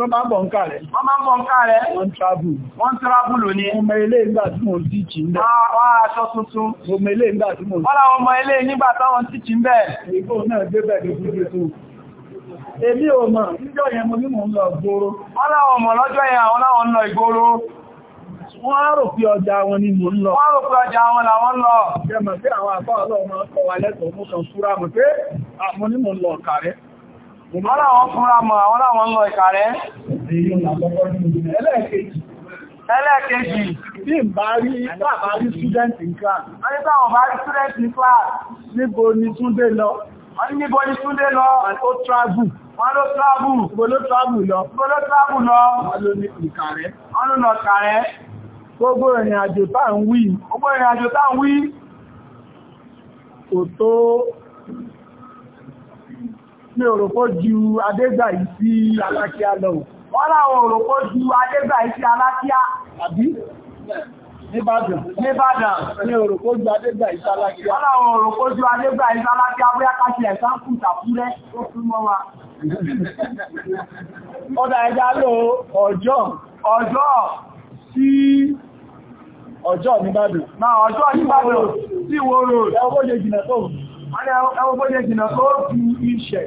wọ́n bá ń bọ̀ ń Wọ́n bá ń bọ̀ ń travel. Wọ́n travel ní. Ọmọ ilé ìgbà tí mo ń tíìchì ń bẹ̀. Wọ́n aṣọ tuntun. Ọmọ ilé ìgbà tí mo ń Wọ́n ọmọ ilé nígbà táwọn tíìchì ń bẹ̀. náà Èmi ò mọ̀, níjọ́ yẹn mo ní mò ń lọ ìgboro. Wọ́n ọmọ lọ́jọ́ yẹn àwọn láwọn ń lọ rò pé ọjà ni mò ń lọ. Wọ́n rò pé ọjà wọn làwọn lọ. sí àwọn Ara wọn fúnra mọ̀ àwọn láwọn lọ ìkà rẹ̀. Ẹlẹ́ẹ̀kejì. Bí n bá rí bàbá rí student in class. Wọ́n ní táwọn bá rí student in class. Níbo ni Túndé lọ? Wọ́n ní níbo ni Túndé lọ? Ó travel. Wọ́n ló travel. Níbo ló travel lọ? Níbo ló travel lọ? Wọ́n ló ní ìkà rẹ̀. Wọ́n ló lọ ìkà rẹ̀. Gbogbo ìrìn àjò táà ń wí. Gbogbo ìrìn àjò táà ń wí. Kò tó ní òròpọ̀ ju adégbà yìí sí alákíá lọ wọ́n láwọn òròpọ̀ ju adégbà yìí sí alákíá àbí Níbàdàn ní òròpọ̀ ju adégbà yìí sí alákíá wọ́n láwọn òròpọ̀ ju adégbà yìí sí alákíá bóyá káṣí ẹ̀sán kù tàbúrẹ́ tó fún mọ́ wa ọdá ẹja ló ọjọ́ ọjọ́ sí ọjọ́ níbàdàn náà ọjọ́ níbàdàn sí wòrò ẹgbójẹ jìnà Ẹwọ́n bó jẹ́ jìnà tó fi iṣẹ́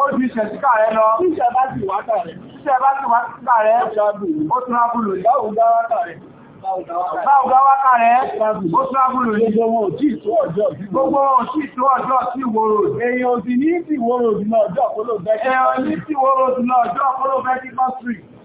ó fi iṣẹ́ sí káàrẹ lọ. Iṣẹ́ bá ti wá káàrẹ. Iṣẹ́ bá ti wá káàrẹ. Ó tún ábúlò yìí. Báwo gá wá káàrẹ. Báwo gá wá káàrẹ. Ó tún ábúlò yìí. Gbogbo wọn ò tí tó ọjọ́ sí Gbogbo wọn ò tí tó ọjọ́ sí ìwòrò. Èèyàn ò sì ní ìtìwòrò ìdùnà ọjọ́ àpólò bẹ́ẹ̀. Èèyàn ní ìtìwòrò ìdùnà ọjọ́ àpólò bẹ́ẹ̀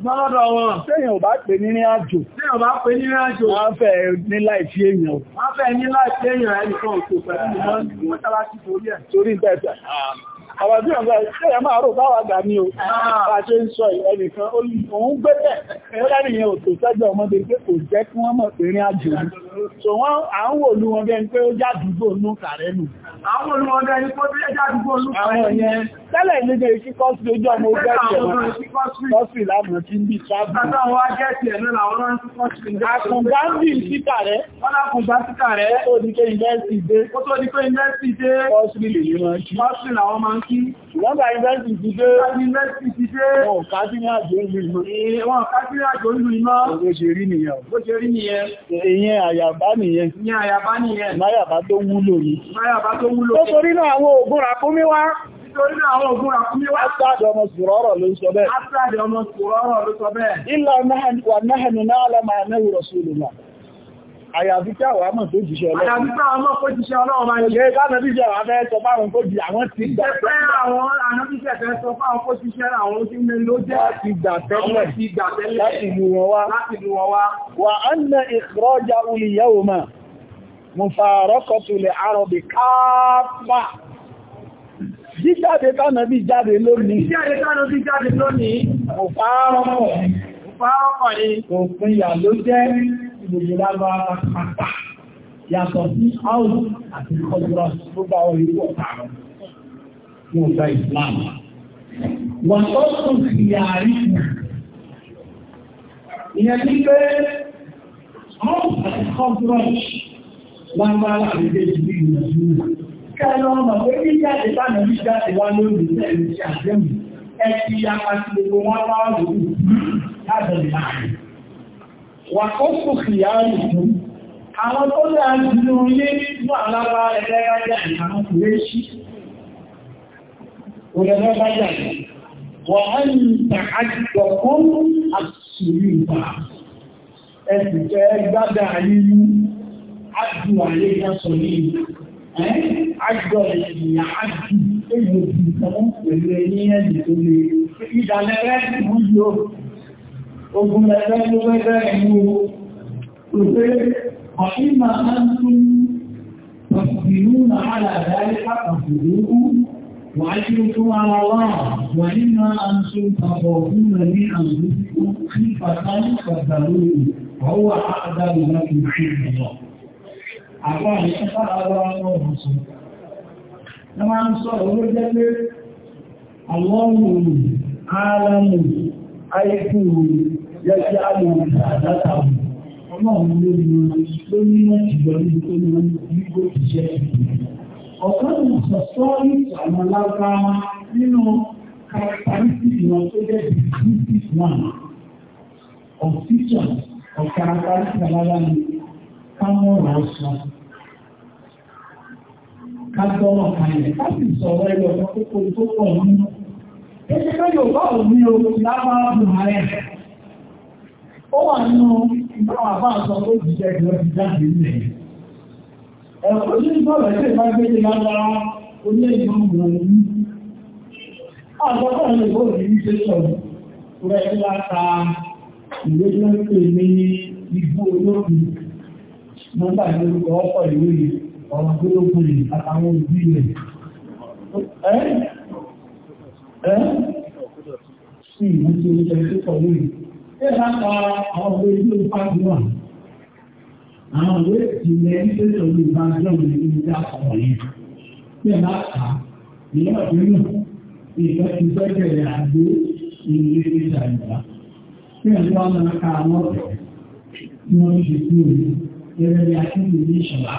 Gbọ́lọ́dọ̀ wọn. Téèyàn ò bá pè ní ní àjò. Téèyàn ò bá pè ní ní àjò. Wọ́n fẹ́ ní láìsí èèyàn. Wọ́n fẹ́ ní láìsí èèyàn ẹnìkan òkú pẹ̀lú mọ́tàlá sí torí ẹ̀. Torí bẹ́ẹ̀ àwọn tí ọ̀gbà ẹ̀yà máa rò báwà gà ní o ah. bá ṣe ń sọ ẹnìkan òun gbẹ́tẹ̀ ẹ̀rẹ́rìn yẹn òtò sẹ́jọ ọmọdé pé kò jẹ́ kí wọ́n mọ̀ pé rí àjò ní so wọ́n à ń wò lú wọn bẹ́ẹ̀ pé ó jádùúgbò nú kàrẹ́nù Àwọn olùmọ̀ọ́dá ẹni kó tí ẹjá àdúgbò olùkọ́ ẹ̀yẹn. Tẹ́lẹ̀ ìlú jẹ́ ìṣíkọ́ sí ojú ọmọ ogun ẹ̀ṣẹ̀ lọ́sì lánàá tí ń bí ṣáàbù. Àtàwọn ajẹ́sì ẹ̀lú làwọn lọ́nà tí wọ́n ti ń dá. Àkùngbá ń bí ìṣíkà rẹ̀. Wọ́n lákùngbá síkà rẹ̀. Ó tó di pé ìnẹ́sì dé. Ó tó di pé ìnẹ́sì dé. Fọ́sì lè yìí máa ń kí. Fọ́sì làwọn máa ń kí. Wọ́n bá ìnẹ́sì ti dé. Ìnẹ́sì ti dé. Wọ́n ká sí wúlò. Ó torí náà àwọn ògùn ràkúnmí wá. Nítorí náà àwọn ògùn ràkúnmí wá. Ásàdì ọmọ Sùrọ́rọ̀ ló sọ bẹ́ẹ̀. àmọ̀ tó jíṣẹ́ ọlọ́run. Àyàfi kí àwọn àmọ̀ tó jíṣẹ́ ọlọ́run máa ń ṣe. bí ìṣẹ́ àwọn afẹ́ sọ fáwọn kó jí àwọn ti gbà. àwọn ànábíṣẹ́ fẹ́ sọ fáwọn kó jíṣẹ́ àwọn tí mufarakọtulẹ̀ arọ̀bì káàpá jíjáde tánàbí jáde lónìí jíjáde tánàbí jáde lónìí mufarakọ̀ ni òpin yà ló jẹ́ ìgbòjì lágbà pàtà yàtọ̀ sí áùn àti kọjúrọ̀ tó bá orí pọ̀tà ní ọjọ́ ìsìláàmù wọ́n tó tún sí yàrí ìyẹn ní pé áùn àti kọjúrọ̀ lágbára àrídé ìlú ìrìnàjò kẹ́lọ ọmọ pé ní jáde bánà ní jáde wá lórí ìlú ti àjẹ́mù ẹ̀kí apàtí gbogbo wọn wá lórí lábẹ̀rẹ̀ láàrin wà kó kò kìyà ìlú àwọn tó lè àjùlọ ilé nínú àlábá ẹlẹ́gbẹ́jà ìkànnì kùrẹ́ sí òlẹ́gbẹ́jà wà á ní ìtàkàjọ̀ fún àṣìṣì ìgbà ẹ̀sìn jẹ́ gbádà yìí ájú àlẹ́ ìdásọ yìí ájọ́ ènìyàn ájú èyí òbí ìtàn pẹ̀lú ẹni ẹ̀jẹ̀ tó lè ìdálẹ́rẹ́ mú yóò ogun lẹ́gbẹ́ ló wẹ́gbẹ́ ẹ̀mú o pé ọ̀ímà máa ń tún pàtàkìrú na alàdáyé pàtàkìrú wà á ṣe tó ara wà wà nínú àǹtún pàpọ̀ fún rẹ̀ àǹtún kí pàtàkì pàtàkì ọwọ́ àádọ́rùn-ún àpá àyíká sáàrọ̀ àwọn ọ̀rọ̀sọ̀. Ẹ máa ń sọ owó jẹ́ pé àwọ́rùn ààrẹ̀mù ayékú yẹ́kí àlòrì àdáta ọlọ́run lórí lórí láti lọ níbi tó lọ nígbò ìṣẹ́ ọ̀kan ìsọ̀sọ́ ìtàwọn lágbára nínú characteristics wọn tó jẹ́ characteristics one of teachers of characteristics alára ni kámọ́ra ọ̀sán kásọ̀rọ̀ kalẹ̀ láti sọ̀rọ̀ ẹgbẹ̀ ọ̀pọ̀pọ̀ tó pọ̀ nínú. ní bù Ó wà nínú sọ pé òṣìṣẹ́ ìjọ ti jáde nílẹ̀. Ẹ̀kọ́ ní sọ̀rọ̀ ẹgbẹ́ bá gbé lágbára onílé ìgbọ̀nmù ọ̀hún. Àgbọ̀kọ̀ ní ìbò òní ṣe sọ̀rọ̀ rẹ̀ ìwé pè ní olókùn. ìlú ọkọ̀ ìwé yìí. ọ̀rọ̀ tó ló gbòlè àtàwọn òbí rẹ̀. Ẹ́ ẹ́ sí ìwé tí ó jẹ́ tó kọ̀wé. Ṣé bá pa àwọn ọmọ ilé ìfáàdì wà? Àwọn ìwé ìjìnlẹ̀ ń tẹ́lẹ̀ orí ìbájọ́ mi ní ilé àkọ́kọ́ yìí. Ṣé bá kà Ìyá ọ̀dọ́ náà ìfẹ́ ti fẹ́ bẹ̀rẹ̀ àgbo ìrìn ilé ìjàmbá. Ṣé ẹ̀rọ wa máa ka àwọn ọ̀rọ̀ tí wọ́n ṣe sí òun? Ẹ̀rẹ̀ ni a ti lè ní ìṣọ̀lá.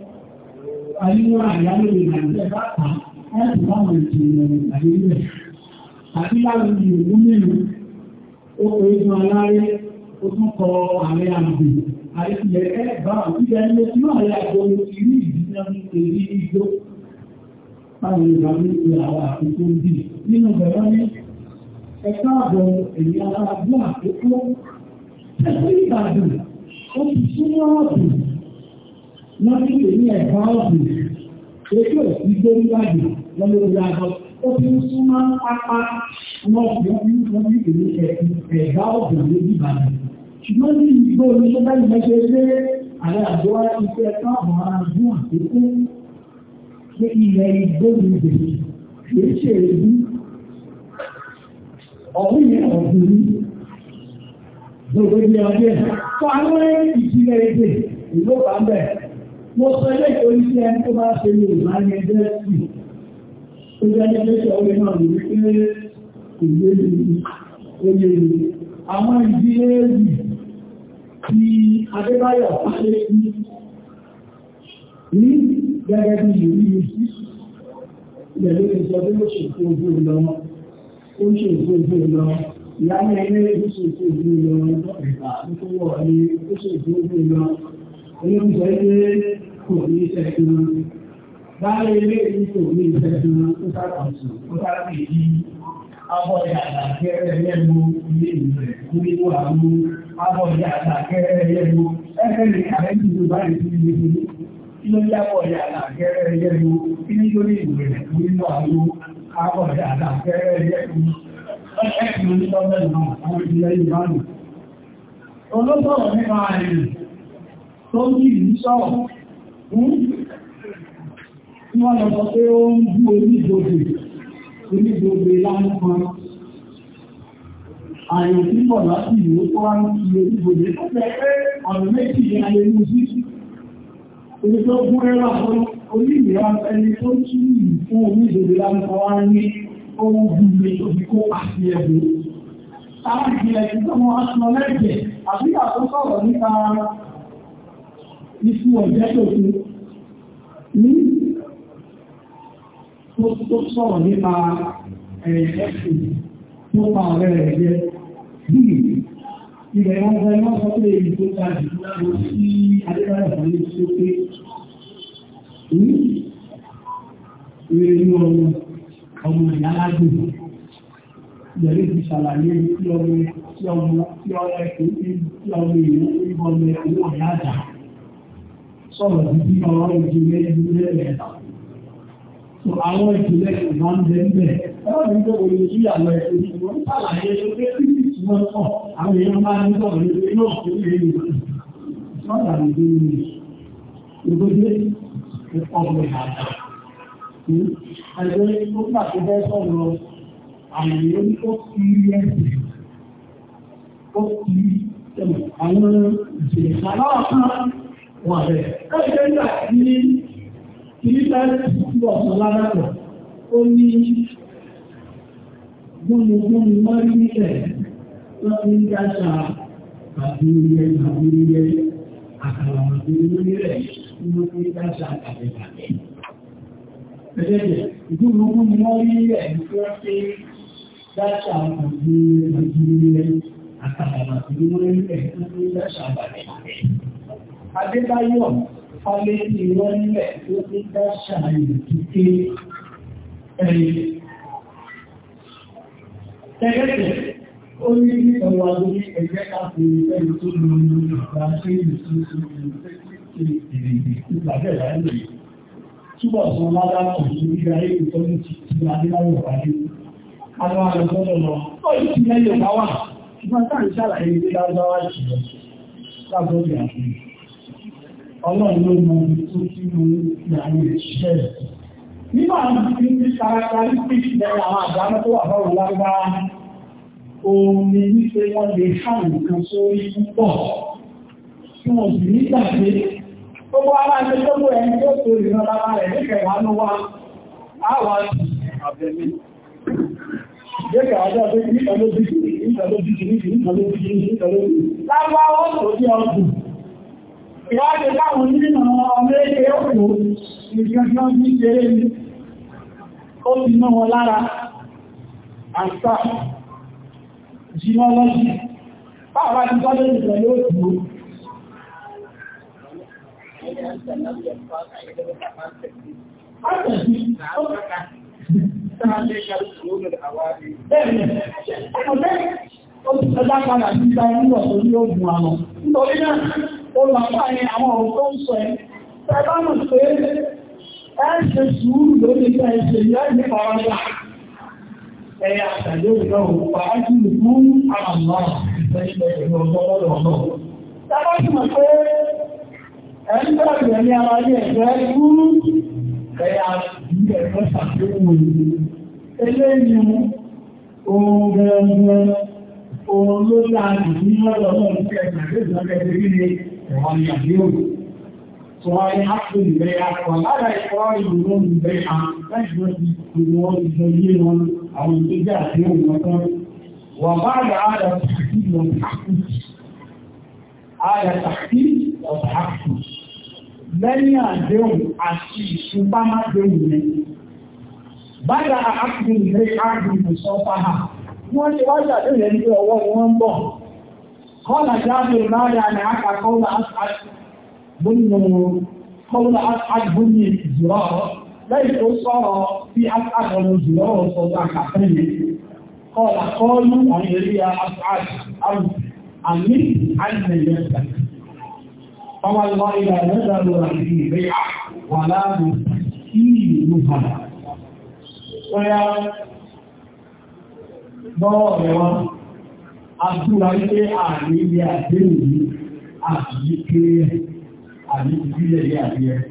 àyíwá àyálò ìrìnàjò bá ta ẹ̀sùn kọ ààrẹ àgbè. Àìsílẹ̀ ẹ̀ bá òkúta ẹni tí wọ́n àyà àjọ ìlú ìdíná èrí igbó. Báwo ni bàbá àwọn àkókò ń Nínú bẹ̀rẹ̀ ní ẹ̀ka àbọ̀ èyí ara àkókò. Ẹ̀sìn Ìbàdàn, ó ti súnmọ́ ọ̀dùn wọ́n ní pè ní ẹ̀bá ọ̀gbìn ètò ìgbé níwájú wọn ló rí abọ́ ó fi ń súnmọ́ pápá wọn fi ń wọ́n ní pè ní ẹ̀bá ọ̀gbìn lójú ìbàdàn ṣùgbọ́n ní ìgbó oníṣẹ́ báyìí mẹ́ṣẹ́ lé ààrẹ àjọ iṣẹ́ káàbọ̀ aráàlú àkókò pé ilẹ̀ ìgbó ni ìbèrè kìí ṣe èébú ọ̀hún yẹn ọ̀gbìn ní gbogbo ilé ọdẹ fún àwọn ìjìnlẹ̀ èdè ìlú bàbẹ̀ mo sọ ilé ìtòrí sí ẹni tó bá ṣe ní ìlànà ní ẹgbẹ́ sí tó jẹ́ ní pé ṣe orí náà lórí pé ìwé oye àwọn ìdí èèrì ti Adébáyọ̀ pàṣẹ sí ní gẹ́gẹ́ bí ìrírí sí ìyẹ̀lẹ́ ti sọ bí ó ṣe fún ojú ìlọ ó ṣe fún ojú ìlọ ìyá ní ẹgbẹ́ ó ṣe fún ojú ìlọ ìjọ ìgbà nítorí ọ̀rẹ́ ó ṣe fún ojú ìlọ onímọ̀ ilé kò ní iṣẹ́ dúró báyé ilé yìí kò ní iṣẹ́ dúró ó sàkóso ó sàkóso yí abọ́dé àtàkẹ́rẹ́ lẹ́nu ilé ìrẹ̀ nínú àwọn abọ́dé àtàkẹ́rẹ́ lẹ́nu ẹgbẹ́ ní àrẹ́jì tó bá lè fi lè fi kí ló ní abọ́dé tó ń jìrì sọ̀rọ̀ tí hmm? wọ́n lọ sọ pé ó ń bú onígbòdè onígbòdè láńkan àyàn tí bọ̀ láti ìwé tó wá ń fi onígbòdè tó fẹ́ pé ọ̀rọ̀ méjì ní ayé ní sí orí tó gún ẹwà fún onígbìyà ẹni tó kí fún onígbòdè láńkan ní ohun bí ilé kó àti ẹ̀bùn. Táwọn ìgbìyànjú tó mọ́ aṣọ lẹ́gbẹ̀ẹ́ àbíyà tó sọ̀rọ̀ iṣu ọ̀jẹ́ tó ṣe ní tó sọ̀rọ̀ nípa ẹ̀ẹ́sìn tó pa ọ̀rẹ́ rẹ̀ jẹ́ bí ilẹ̀ ọgbẹ́ wọ́n sọ pé èyí tó ta jù lọ sí adébáyọ̀ fún ilé tó pé ní ìrìn ọmọ ọmọ ìyálágbè ìyẹ̀rí ti ṣàlàyé tí ọmọ ẹ̀kùn tí ọmọ ìyẹ̀rí ọmọ ẹ̀kùn ọ̀yá àjà sọ̀rọ̀ títí ọ̀rọ̀ ìjìnlẹ̀ ìjìnlẹ̀ mẹ́ta. So àwọn ìjìnlẹ̀ ìwọ̀n jẹ́ níbẹ̀. Ẹwọ́n ní gbogbo ilé sí àwọn ẹ̀sẹ̀ ìwọ̀n sàlàyé lókè sí ìtumọ̀ náà. Àwọn èèyàn máa ń sọ̀rọ̀ lórí náà tó lè rí. Sọ́dà ní gbé ní ìgbójé ọgbọ̀n wọ́n rẹ̀. Káṣẹ́ nígbà tí kìí sáré púpọ̀ ọ̀sán lárapọ̀, ó ní gbọ́nugbọ́nu máa ń nílẹ̀ lọ́pọ̀ ń dáṣà àbúrúyẹ àbúrúyẹ àkàrà àbúrúyẹ rẹ̀ tí wọ́n fi dáṣà àbẹ̀bàbẹ̀. Ẹ̀ẹ́dẹ̀ ìgbọ́nugbọ́nu máa ń nílẹ̀ lọ́pọ̀ ń dáṣà àbúrúyẹ àbúrúyẹ àkàrà àbúrúyẹ rẹ̀ tí wọ́n fi dáṣà àbẹ̀bàbẹ̀. Adébáyọ̀ fálé ti wọ́n nílẹ̀ tó ti dá ṣàyè kíké ẹ̀yẹ. Tẹ́gẹ́tẹ̀, ó ní ọwọ́ agbórí ẹgbẹ́ káàkiri ẹni tó lọ ní ìgbà ṣe ìṣúṣú sí ìgbà Àwọn àrẹ̀sọ́dọ̀ lọ, ó ti lẹ́yìn ọ̀pá wà, ṣùgbọ́n táà ń ṣàlàyé ìgbéláwọ́ wáyé ṣùgbọ́n lábọ́ ìrìnàjò ọlọ́run ló mọ omi tó kí ló ń fi àwọn ìṣiṣẹ́ rẹ̀. Nígbà tí ní kárakárí pé ìṣẹ̀lẹ̀ àwọn àdáná tó wà bọ́ọ̀rọ̀ lágbára, omi wípé wọ́n lè ká nǹkan sórí púpọ̀. Tí wọ́n sì nígbà pé gbogbo ara ẹni tó mú ẹni tó tó ìran lára rẹ̀ níkẹ̀wá ló wá àwa sí àbẹ̀mí. Jẹ́kẹ̀ àjọ pé nígbà ló bí kìí, nígbà ló bí ìwádìí láwọn nínú ọmọ ẹgbẹ́ òkú ìjọjọ́ ní ṣeré ní ó ti mọ́ wọn lára àṣà genealogy báwọn ti tọ́lé ìpẹ̀lú òkú Bẹ́ẹ̀ni, ọjọ́ ìpàdá padà sí ìgbà ìlú ọ̀sọ̀ ní ogun àwọn. Nítorí náà, ó máa bá ní àwọn ọ̀rọ̀ tó ń sọ ẹ̀ tẹ́bá mọ̀ pé ẹ́ṣẹ́ sùúrù lórí ẹgbẹ́ ẹ̀ṣẹ̀ yẹ́ nípa ọ̀rọ̀ ẹ̀yà àtàlẹ́ ìlọ́run pàájú fún àmà ìfẹ́ṣẹ́ ìlú ọgọ́rọ̀ náà tẹ́bá sì mọ̀ pé ẹ̀ń bẹ̀rẹ̀ ní ara ní ẹ̀gbẹ́ fún ẹ̀yà ìlú ẹ̀gbẹ́ sàkéwò eléyìn ohun gẹ̀ẹ́gẹ́ ohun ló láàrín ní ọlọ́run ومن وهي حق البيع ولا إقرار بدون البيع تجبر بدون الدليل أو الإجازة في المكان وبعد هذا التحديد والتحقيق هذا التحديد والتحقيق لن يدعو عشي سبحانه دونه بعد عقد البيع بالمصافحة wọ́n ti wájà lóyẹ̀ ní ọwọ́ wọn ń bọ̀ قال جابر ما يمنعك قول أسعد بن قول أسعد بن زرار ليس صار في أسعد بن زرار صدق حقيقي قال قالوا أن يري أسعد أو أمين عن يسلك فوالله لا نزل في بيع ولا في نفر ويا ضرر àtúwà wípé ààrẹ ilé àdéhùn àti yíké àti ìbílẹ̀ ilé àdéhùn